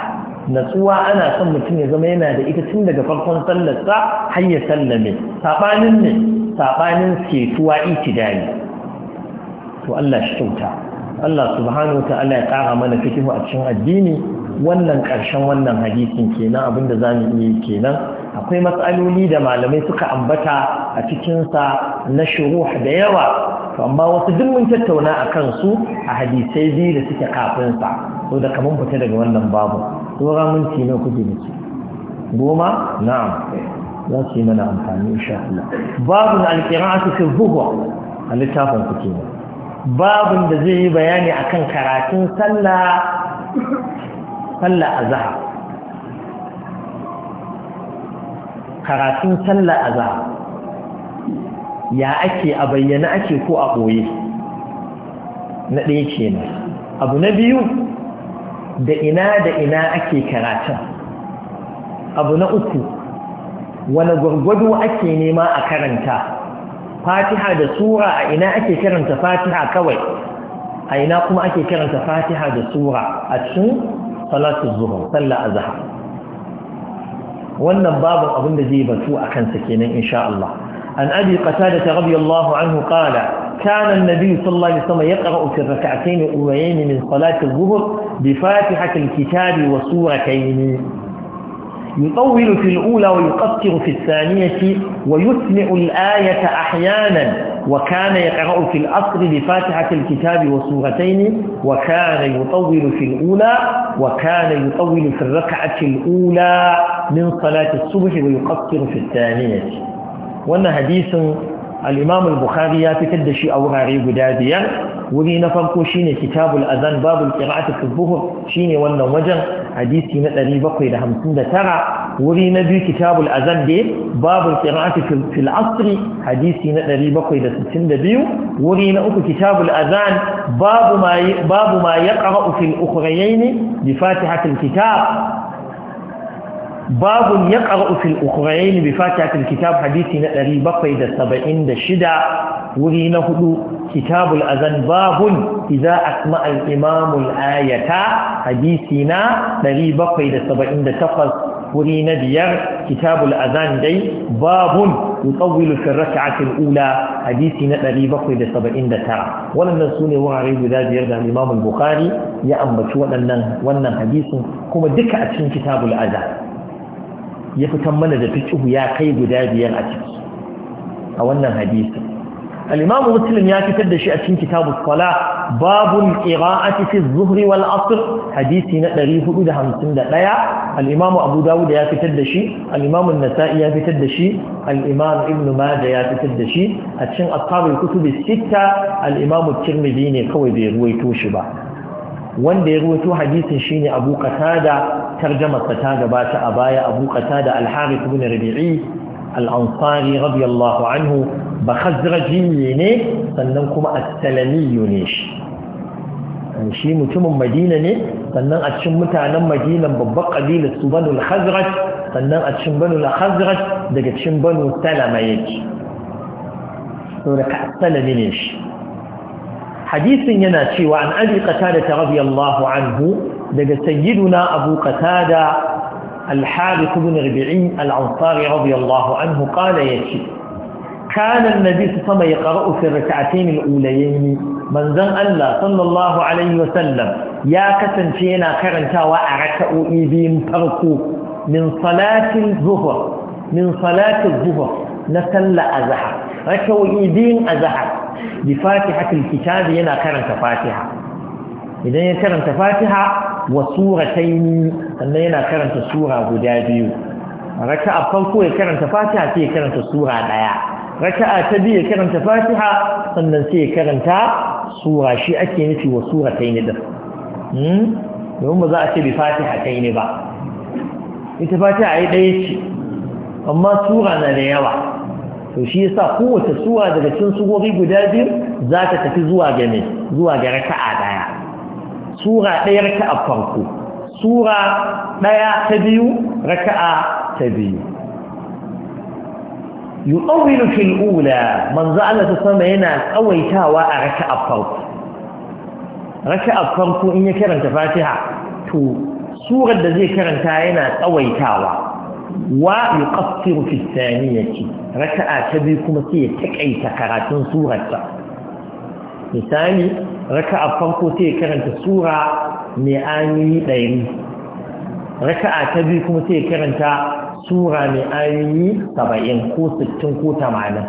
natsuwa ana son mutum ya zama yana da ita tun daga farkon sallarsa har ya sallame saɓanin ne sabanin setuwa itidali to Allah shi kyauta Allah subhanahu wa ta'ala ya ƙara mana fikihu a cikin addini wannan ƙarshen wannan hadisin kenan abinda za mu iya kenan akwai matsaloli da malamai suka ambata a cikinsa na shuruh da yawa amma wasu duk mun tattauna a kansu a hadisai biyu da suke kafin sa so da kaman fita daga wannan babu tsora mun ci ne kuke da goma na'am za su yi mana amfani insha Allah babu na alƙira'atu fi zuhur a littafin ku babin da zai yi bayani akan karatun sallah sallah azhar karatun sallah azhar ya ake a bayyana ake ko a ɓoye na ɗaya kenan abu na biyu da ina da ina ake karatun abu na uku wani gwargwado ake nema a karanta fatiha da sura a ina ake karanta fatiha kawai a ina kuma ake karanta fatiha da sura a cikin salatu zuhur sallah azhar wannan babu abin da zai batu a kansa kenan insha Allah an abi qatada radiyallahu anhu qala كان النبي صلى الله عليه وسلم يقرأ في الركعتين الأوليين من صلاة الظهر بفاتحة الكتاب وسورتين يطول في الأولى ويقصر في الثانية ويسمع الآية أحيانا وكان يقرأ في الأصل بفاتحة الكتاب وسورتين وكان يطول في الأولى وكان يطول في الركعة الأولى من صلاة الصبح ويقصر في الثانية وأن حديث الإمام البخاري يتكد شيء أو غاري قدادي وذي نفرق شيني كتاب الأذان باب القراءة في الظهر شيني وانا وجن حديث كينا تري بقي لهم سند ترى وذي نبي كتاب الأذان دي باب القراءة في العصر حديث كينا تري بقي لهم سند بيو وذي نأخ كتاب الأذان باب ما باب ما يقرأ في الأخرين بفاتحة الكتاب babun ya ƙar'ufin ukurai ne bifatiyatun kitab hadisi na 776 wuri na hudu kitabul azan babun iza asma imamul ayata hadithi na 778 wuri na biyar kitabul azan dai babun yutsawilu firrata a fil’ula hadithi na 779 waɗannan su ne wurare guda biyar da imamul bukari ya ambaci waɗannan hadithin kuma duka a cikin kitabul azan ya fitan mana da fiqhu ya kai guda biyar a ciki a wannan hadisi al-imamu muslim ya fitar da shi a cikin kitabu sala babul qira'ati fi adh wal asr hadisi na 451 al-imamu abu dawud ya fitar da shi al-imamu an-nasa'i ya fitar da shi al-imam ibn majah ya fitar da shi a cikin ashabul kutub as al-imamu tirmidhi ne kawai bai ruwaito shi ba wanda ya ruwato hadisin shine Abu Qatada tarjama ta gabata a baya Abu Qatada al-Harith ibn Rabi'i al-Ansari radiyallahu anhu ba khazraji ne sannan kuma as-salami ne shi eh, shi mutumin Madina ne sannan a cikin mutanen Madina babbar kabilar su Banu al-Khazraj sannan a cikin Banu al-Khazraj daga cikin Banu Salama yake da ka salami ne shi hadisin yana cewa an abi qatada radiyallahu anhu daga sayyiduna abu qatada al-harith ibn rabi'in al-ansari radiyallahu anhu qala yaci kana an-nabi sama yaqra'u fi rak'atayn al-ulayayn manzan Allah sallallahu alayhi ya kasance yana karantawa a rak'o'i biyun farko min salati min na sallah az-zuhr rak'o'i biyun az bi kitabi yana karanta fatiha idan ya karanta fatiha wa suratayn sannan yana karanta sura guda biyu raka'a farko ya karanta fatiha sai ya karanta sura daya raka'a ta biyu ya karanta fatiha sannan sai ya karanta sura shi ake nufi wa suratayn din hmm domin ba za a ce bi fatiha kai ne ba ita fatiha ai daya ce amma sura na da yawa to shi yasa kowace suwa daga cin suwori guda biyu za ta tafi zuwa ga ne zuwa ga raka'a daya sura ɗaya raka'a farko sura ɗaya ta biyu raka'a ta biyu yuqawwilu fil ula manzo Allah ta sama yana tsawaitawa a raka'a farko raka'a farko in ya karanta Fatiha to surar da zai karanta yana tsawaitawa wa yuqassiru fi thaniyati raka'a ta bi kuma sai ya takaita karatun surarta misali raka'a farko sai ya karanta sura mai ayoyi ɗari raka'a ta bi kuma sai ya karanta sura mai ayoyi saba'in ko sittin ko tamanin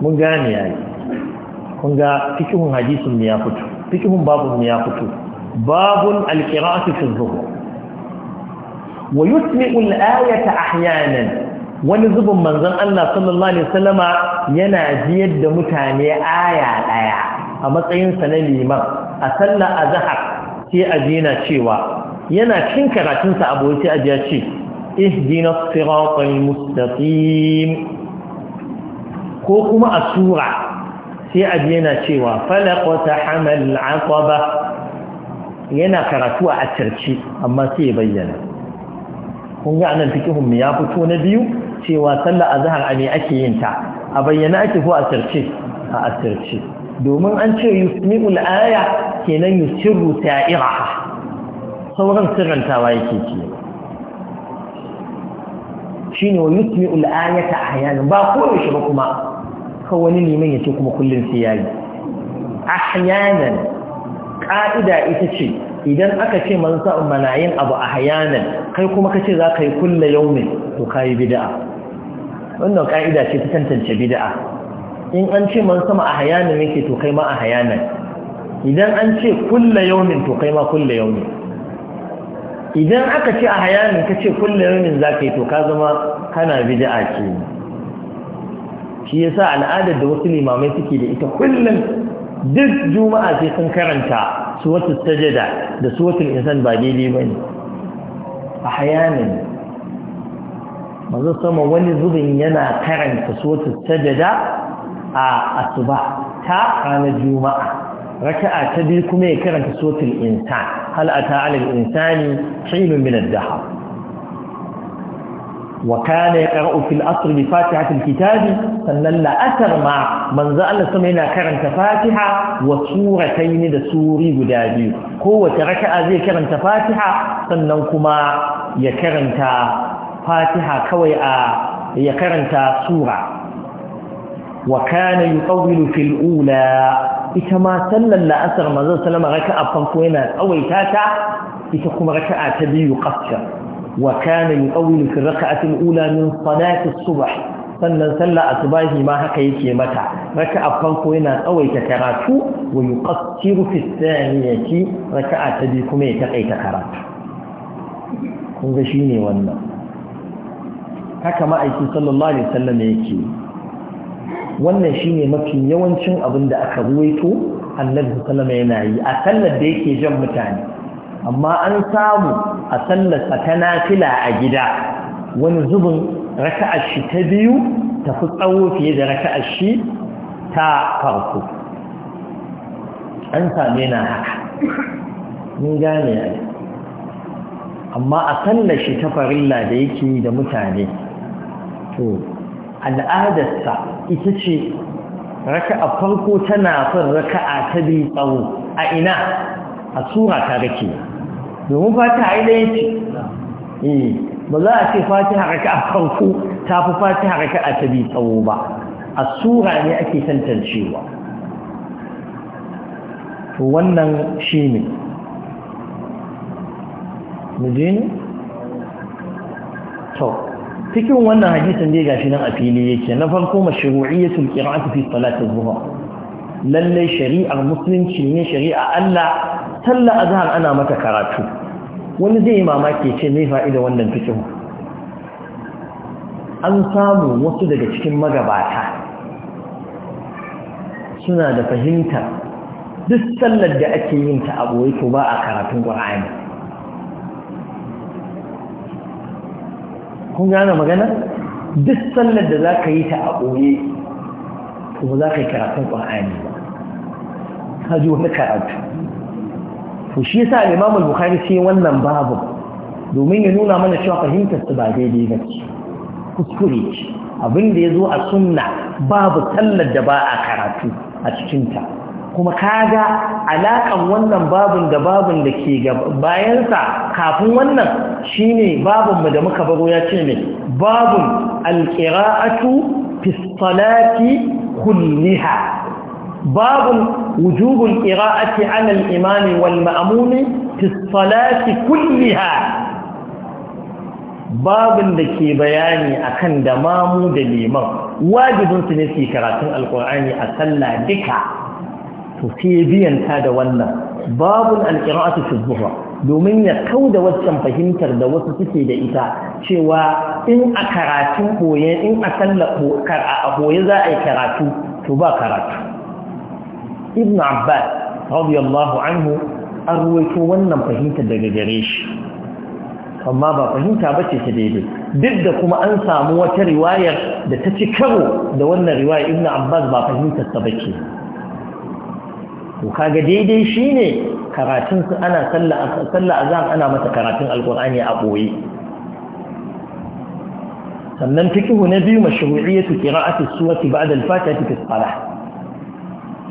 mun gane ya yi. kun ga fikihun hadisun ne ya fito fikihun babun ne ya fito babun alqira'atu fi zuhur wa yusmi'ul ayata ahyanan wani zubin manzon Allah sallallahu alaihi wasallama yana jiyar da mutane aya daya a matsayin sa na liman a sallar azhar sai ajina cewa yana cin karatun sa abu sai ajiya ce ihdina siratal mustaqim ko kuma a sura sai ajina cewa falaqata hamal aqaba yana karatu a circi amma sai bayyana kun ga anan fikihun ya fito na biyu cewa sallar azhar a ne ake yin ta a bayyana ake ko a sirce a asirce domin an ce yusmi'ul aya kenan yusirru ta'iraha sauran sirrantawa yake ke shine wa yusmi'ul ayata ahyanan ba ko yaushe ba kuma kawai wani ya ce kuma kullun sai yayi ahyanan ka'ida ita ce idan aka ce mansa mana yin abu a hayanan kai kuma ka ce za ka yi kulle yaumin to ka yi bida'a wannan ka'ida ce ta tantance bida'a in an ce man sama a hayanan yake to kai ma a hayanan idan an ce kulle yaumin to kai ma kulle yaumin idan aka ce a hayanin ka ce kulle yaumin za ka yi to ka zama kana bida'a ce shi yasa al'adar da wasu limamai suke da ita kullum duk juma'a sai sun karanta suwatu sajada da suwatul insan ba daidai ba ne a hayanin manzo sama wani zubin yana karanta suwatu sajada a asuba ta ranar juma'a raka'a ta biyu kuma ya karanta suwatul insan hal ata alal insani hinun min ad-dahar wakane ya ƙar'u fil asir bi fatiha fil kitabi sannan la'asar ma manzo Allah sama yana karanta fatiha wa sura ta yi da suri guda biyu kowace raka'a zai karanta fatiha sannan kuma ya karanta fatiha kawai a ya karanta sura wakane yi tsawilu fil ula ita ma sallan la'asar manzo salama raka'a farko yana tsawaita ta ita kuma raka'a ta biyu kafka وكان يؤول في الركعة الأولى من صلاة الصبح sannan sallah asubahi ma haka yake mata a farko yana tsawaita karatu wa yuqassiru fi thaniyati raka'a ta kuma ya taƙaita karatu kun ga ne wannan haka ma'aiki sallallahu alaihi yake wannan shine mafi yawancin abin da aka ruwaito annabi sallallahu yana yi a sallar da yake jan mutane amma an samu a sallarsa ta nafila a gida wani zubin raka'ar shi ta biyu ta fi tsawo fiye da raka'ar shi ta farko an same na haka mun gane yayi amma a sallar shi ta farilla da yake yi da mutane to al'adarsa ita ce raka'a farko tana fin raka'a ta biyu tsawo a ina a sura ta rake domin fatiha ai ɗaya ce eh ba za a ce fatiha raka a farko ta fi fatiha raka a ta bi tsawo ba a sura ne ake tantancewa to wannan shi ne mujini? to cikin wannan hadisin dai gashi nan a fili yake na farko mashru'iyyatul qira'ati fi salati adh-dhuhr lalle shari'ar musulunci ne shari'a Allah talla azhar ana mata karatu wani zai mamaki ce me fa'ida wannan fikihu an samu wasu daga cikin magabata suna da fahimta duk sallar da ake yin ta a boye to ba a karatun Qur'ani kun gane magana duk sallar da zaka yi ta a boye kuma za ka yi karatun ƙwa'ani ba ka ji wani karatu to shi yasa imam al-bukhari sai wannan babu domin ya nuna mana cewa fahimtar su ba daidai ba ce kuskure ce abin da ya zo a sunna babu sallar da ba a karatu a cikinta kuma kaga alakan wannan babun da babun da ke bayansa kafin wannan shine babun mu da muka baro ya ce ne babun alƙira'atu. في الصلاة كلها باب وجوب القراءة على الإمام والمأمون في الصلاة كلها babin da ke bayani akan damamu da liman wajibin su ne karatun Alƙur'ani a sallah dika to biyan ta da wannan babun alƙira'atu fi zuhra domin ya kauda waccan fahimtar da wasu suke da ita cewa in a karatun koye in a a koye za a yi karatu to ba karatu ibn abbas radiyallahu anhu an ruwaito wannan fahimta daga gare shi amma ba fahimta ba ce ta daidai duk da kuma an samu wata riwayar da ta ci karo da wannan riwayar ibn abbas ba fahimtar ta bace to ga daidai shine karatun karatunsu ana sallah azan ana mata karatun alkur'ani a boye sannan fikihu na biyu mashru'iyyatu qira'ati surati ba'da al-fatihati fi salah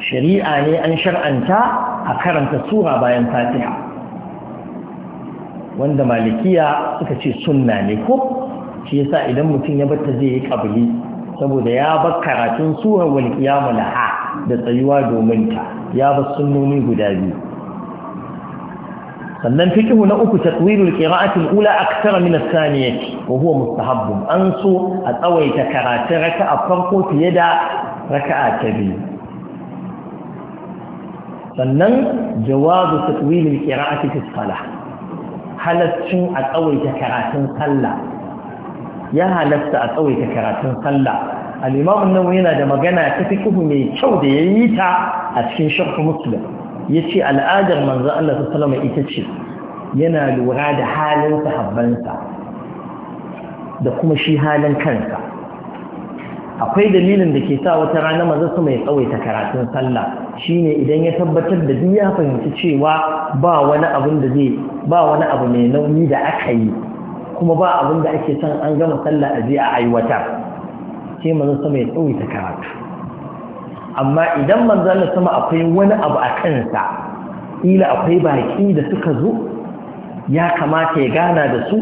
shari'a ne an shar'anta a karanta sura bayan fatiha wanda malikiya suka ce sunna ne ko shi yasa idan mutum ya batta zai yi kabili saboda ya bar karatun surar wal qiyamu da tsayuwa domin ta ya bar sunnoni guda biyu sannan fikihu na uku tatwilul qira'ati al-ula akthara min ath-thaniyati wa huwa mustahabbun an so a tsawaita karatun raka'a farko fiye da raka'a ta biyu sannan jawazu tatwilul qira'ati fi salah halaccin a tsawaita karatun sallah ya halatta a tsawaita karatun sallah al nan an yana da magana ta kuhu mai kyau da yayi ta a cikin sharh ya ce al'adar manzan Allah sallallahu ita ce yana lura da halin sahabbansa da kuma shi halin kansa akwai dalilin da ke sa wata rana maza su mai tsawaita karatun sallah shine idan ya tabbatar da duk ya fahimci cewa ba wani da zai ba wani abu mai nauyi da aka yi kuma ba abin da ake son an gama sallah a je a aiwatar sai manzo sama ya tsawaita karatu amma idan manzo sama akwai wani abu a kansa ila akwai baki da suka zo ya kamata ya gana da su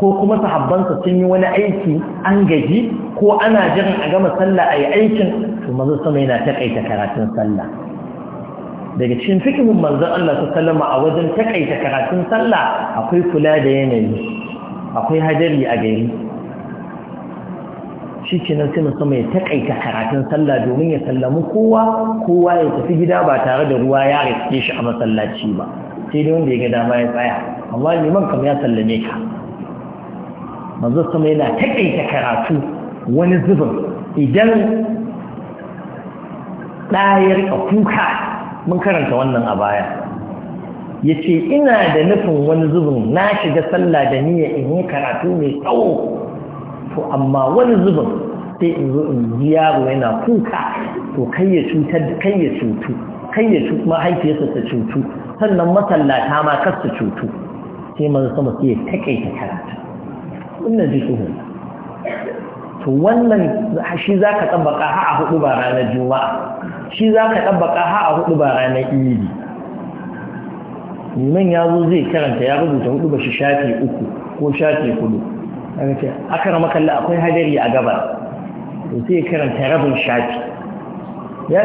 ko kuma sahabbansa sun yi wani aiki an gaji ko ana jiran a gama sallah a yi aikin to manzo sama yana takaita karatun sallah daga cikin fikimin manzon Allah ta sallama a wajen takaita karatun sallah akwai kula da yanayi akwai hadari a gari shi ke nan sinu sama ya taƙaita karatun sallah domin ya sallamu kowa kowa ya tafi gida ba tare da ruwa ya riske shi a masallaci ba sai dai wanda ya ga dama ya tsaya amma liman kam ya sallame ka manzo sama yana taƙaita karatu wani zubin idan ɗayar a kuka mun karanta wannan a baya ya ce ina da nufin wani zubin na shiga sallah da niyya in yi karatu mai tsawo to amma wani zubin sai in zo in ji yaro yana kuka to kai ya cutar kai ya cutu kai ya cutu mahaifiyarsa ta cutu sannan masallata ma kar ta cutu sai manzo sama sai ya takaita karatu wannan ji tsohon to wannan shi za ka tabbaka ha a hudu ba ranar juma'a shi za ka tabbaka ha a hudu ba ranar idi liman ya zo zai karanta ya rubuta hudu ba shi shafi uku ko shafi hudu daga ce aka rama kalla akwai hadari a gaba to sai karanta rabin shafi ya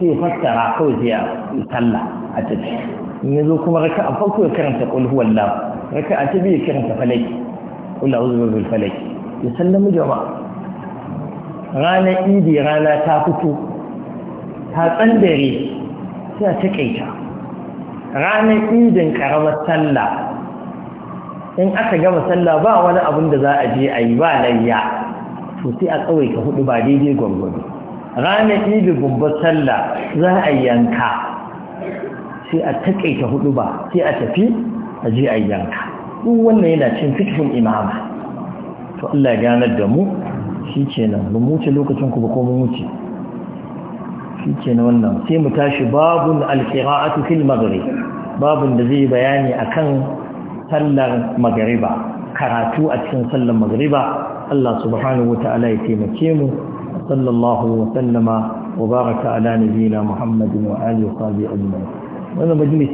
sai fassara kawai sai a talla a tafi in ya zo kuma raka a farko ya karanta ƙul huwa raka a tafi ya karanta falaki ƙul a'udhu bil falaki ya sallamu jama'a ranar idi rana ta fito ta tsandare sai a taƙaita ranar idin ƙaramar sallah in aka gama sallah ba wani abin da za a je a yi ba layya to sai a kawai ka hudu ba daidai gwangwani ranar ibi gumbar sallah za a yanka sai a takaita hudu ba sai a tafi a je a yanka duk wannan yana cin fikihun imama to Allah ya ganar da mu shi kenan mun wuce lokacin ku ba ko mu wuce shi kenan wannan sai mu tashi babun alqira'atu fil maghrib babun da zai bayani akan sallar magariba karatu a cikin sallar magariba Allah subhanahu wa ta'ala ya taimake mu sallallahu wa sallama wa baraka ala nabiyina Muhammadin wa alihi wa sahbihi ajma'in wannan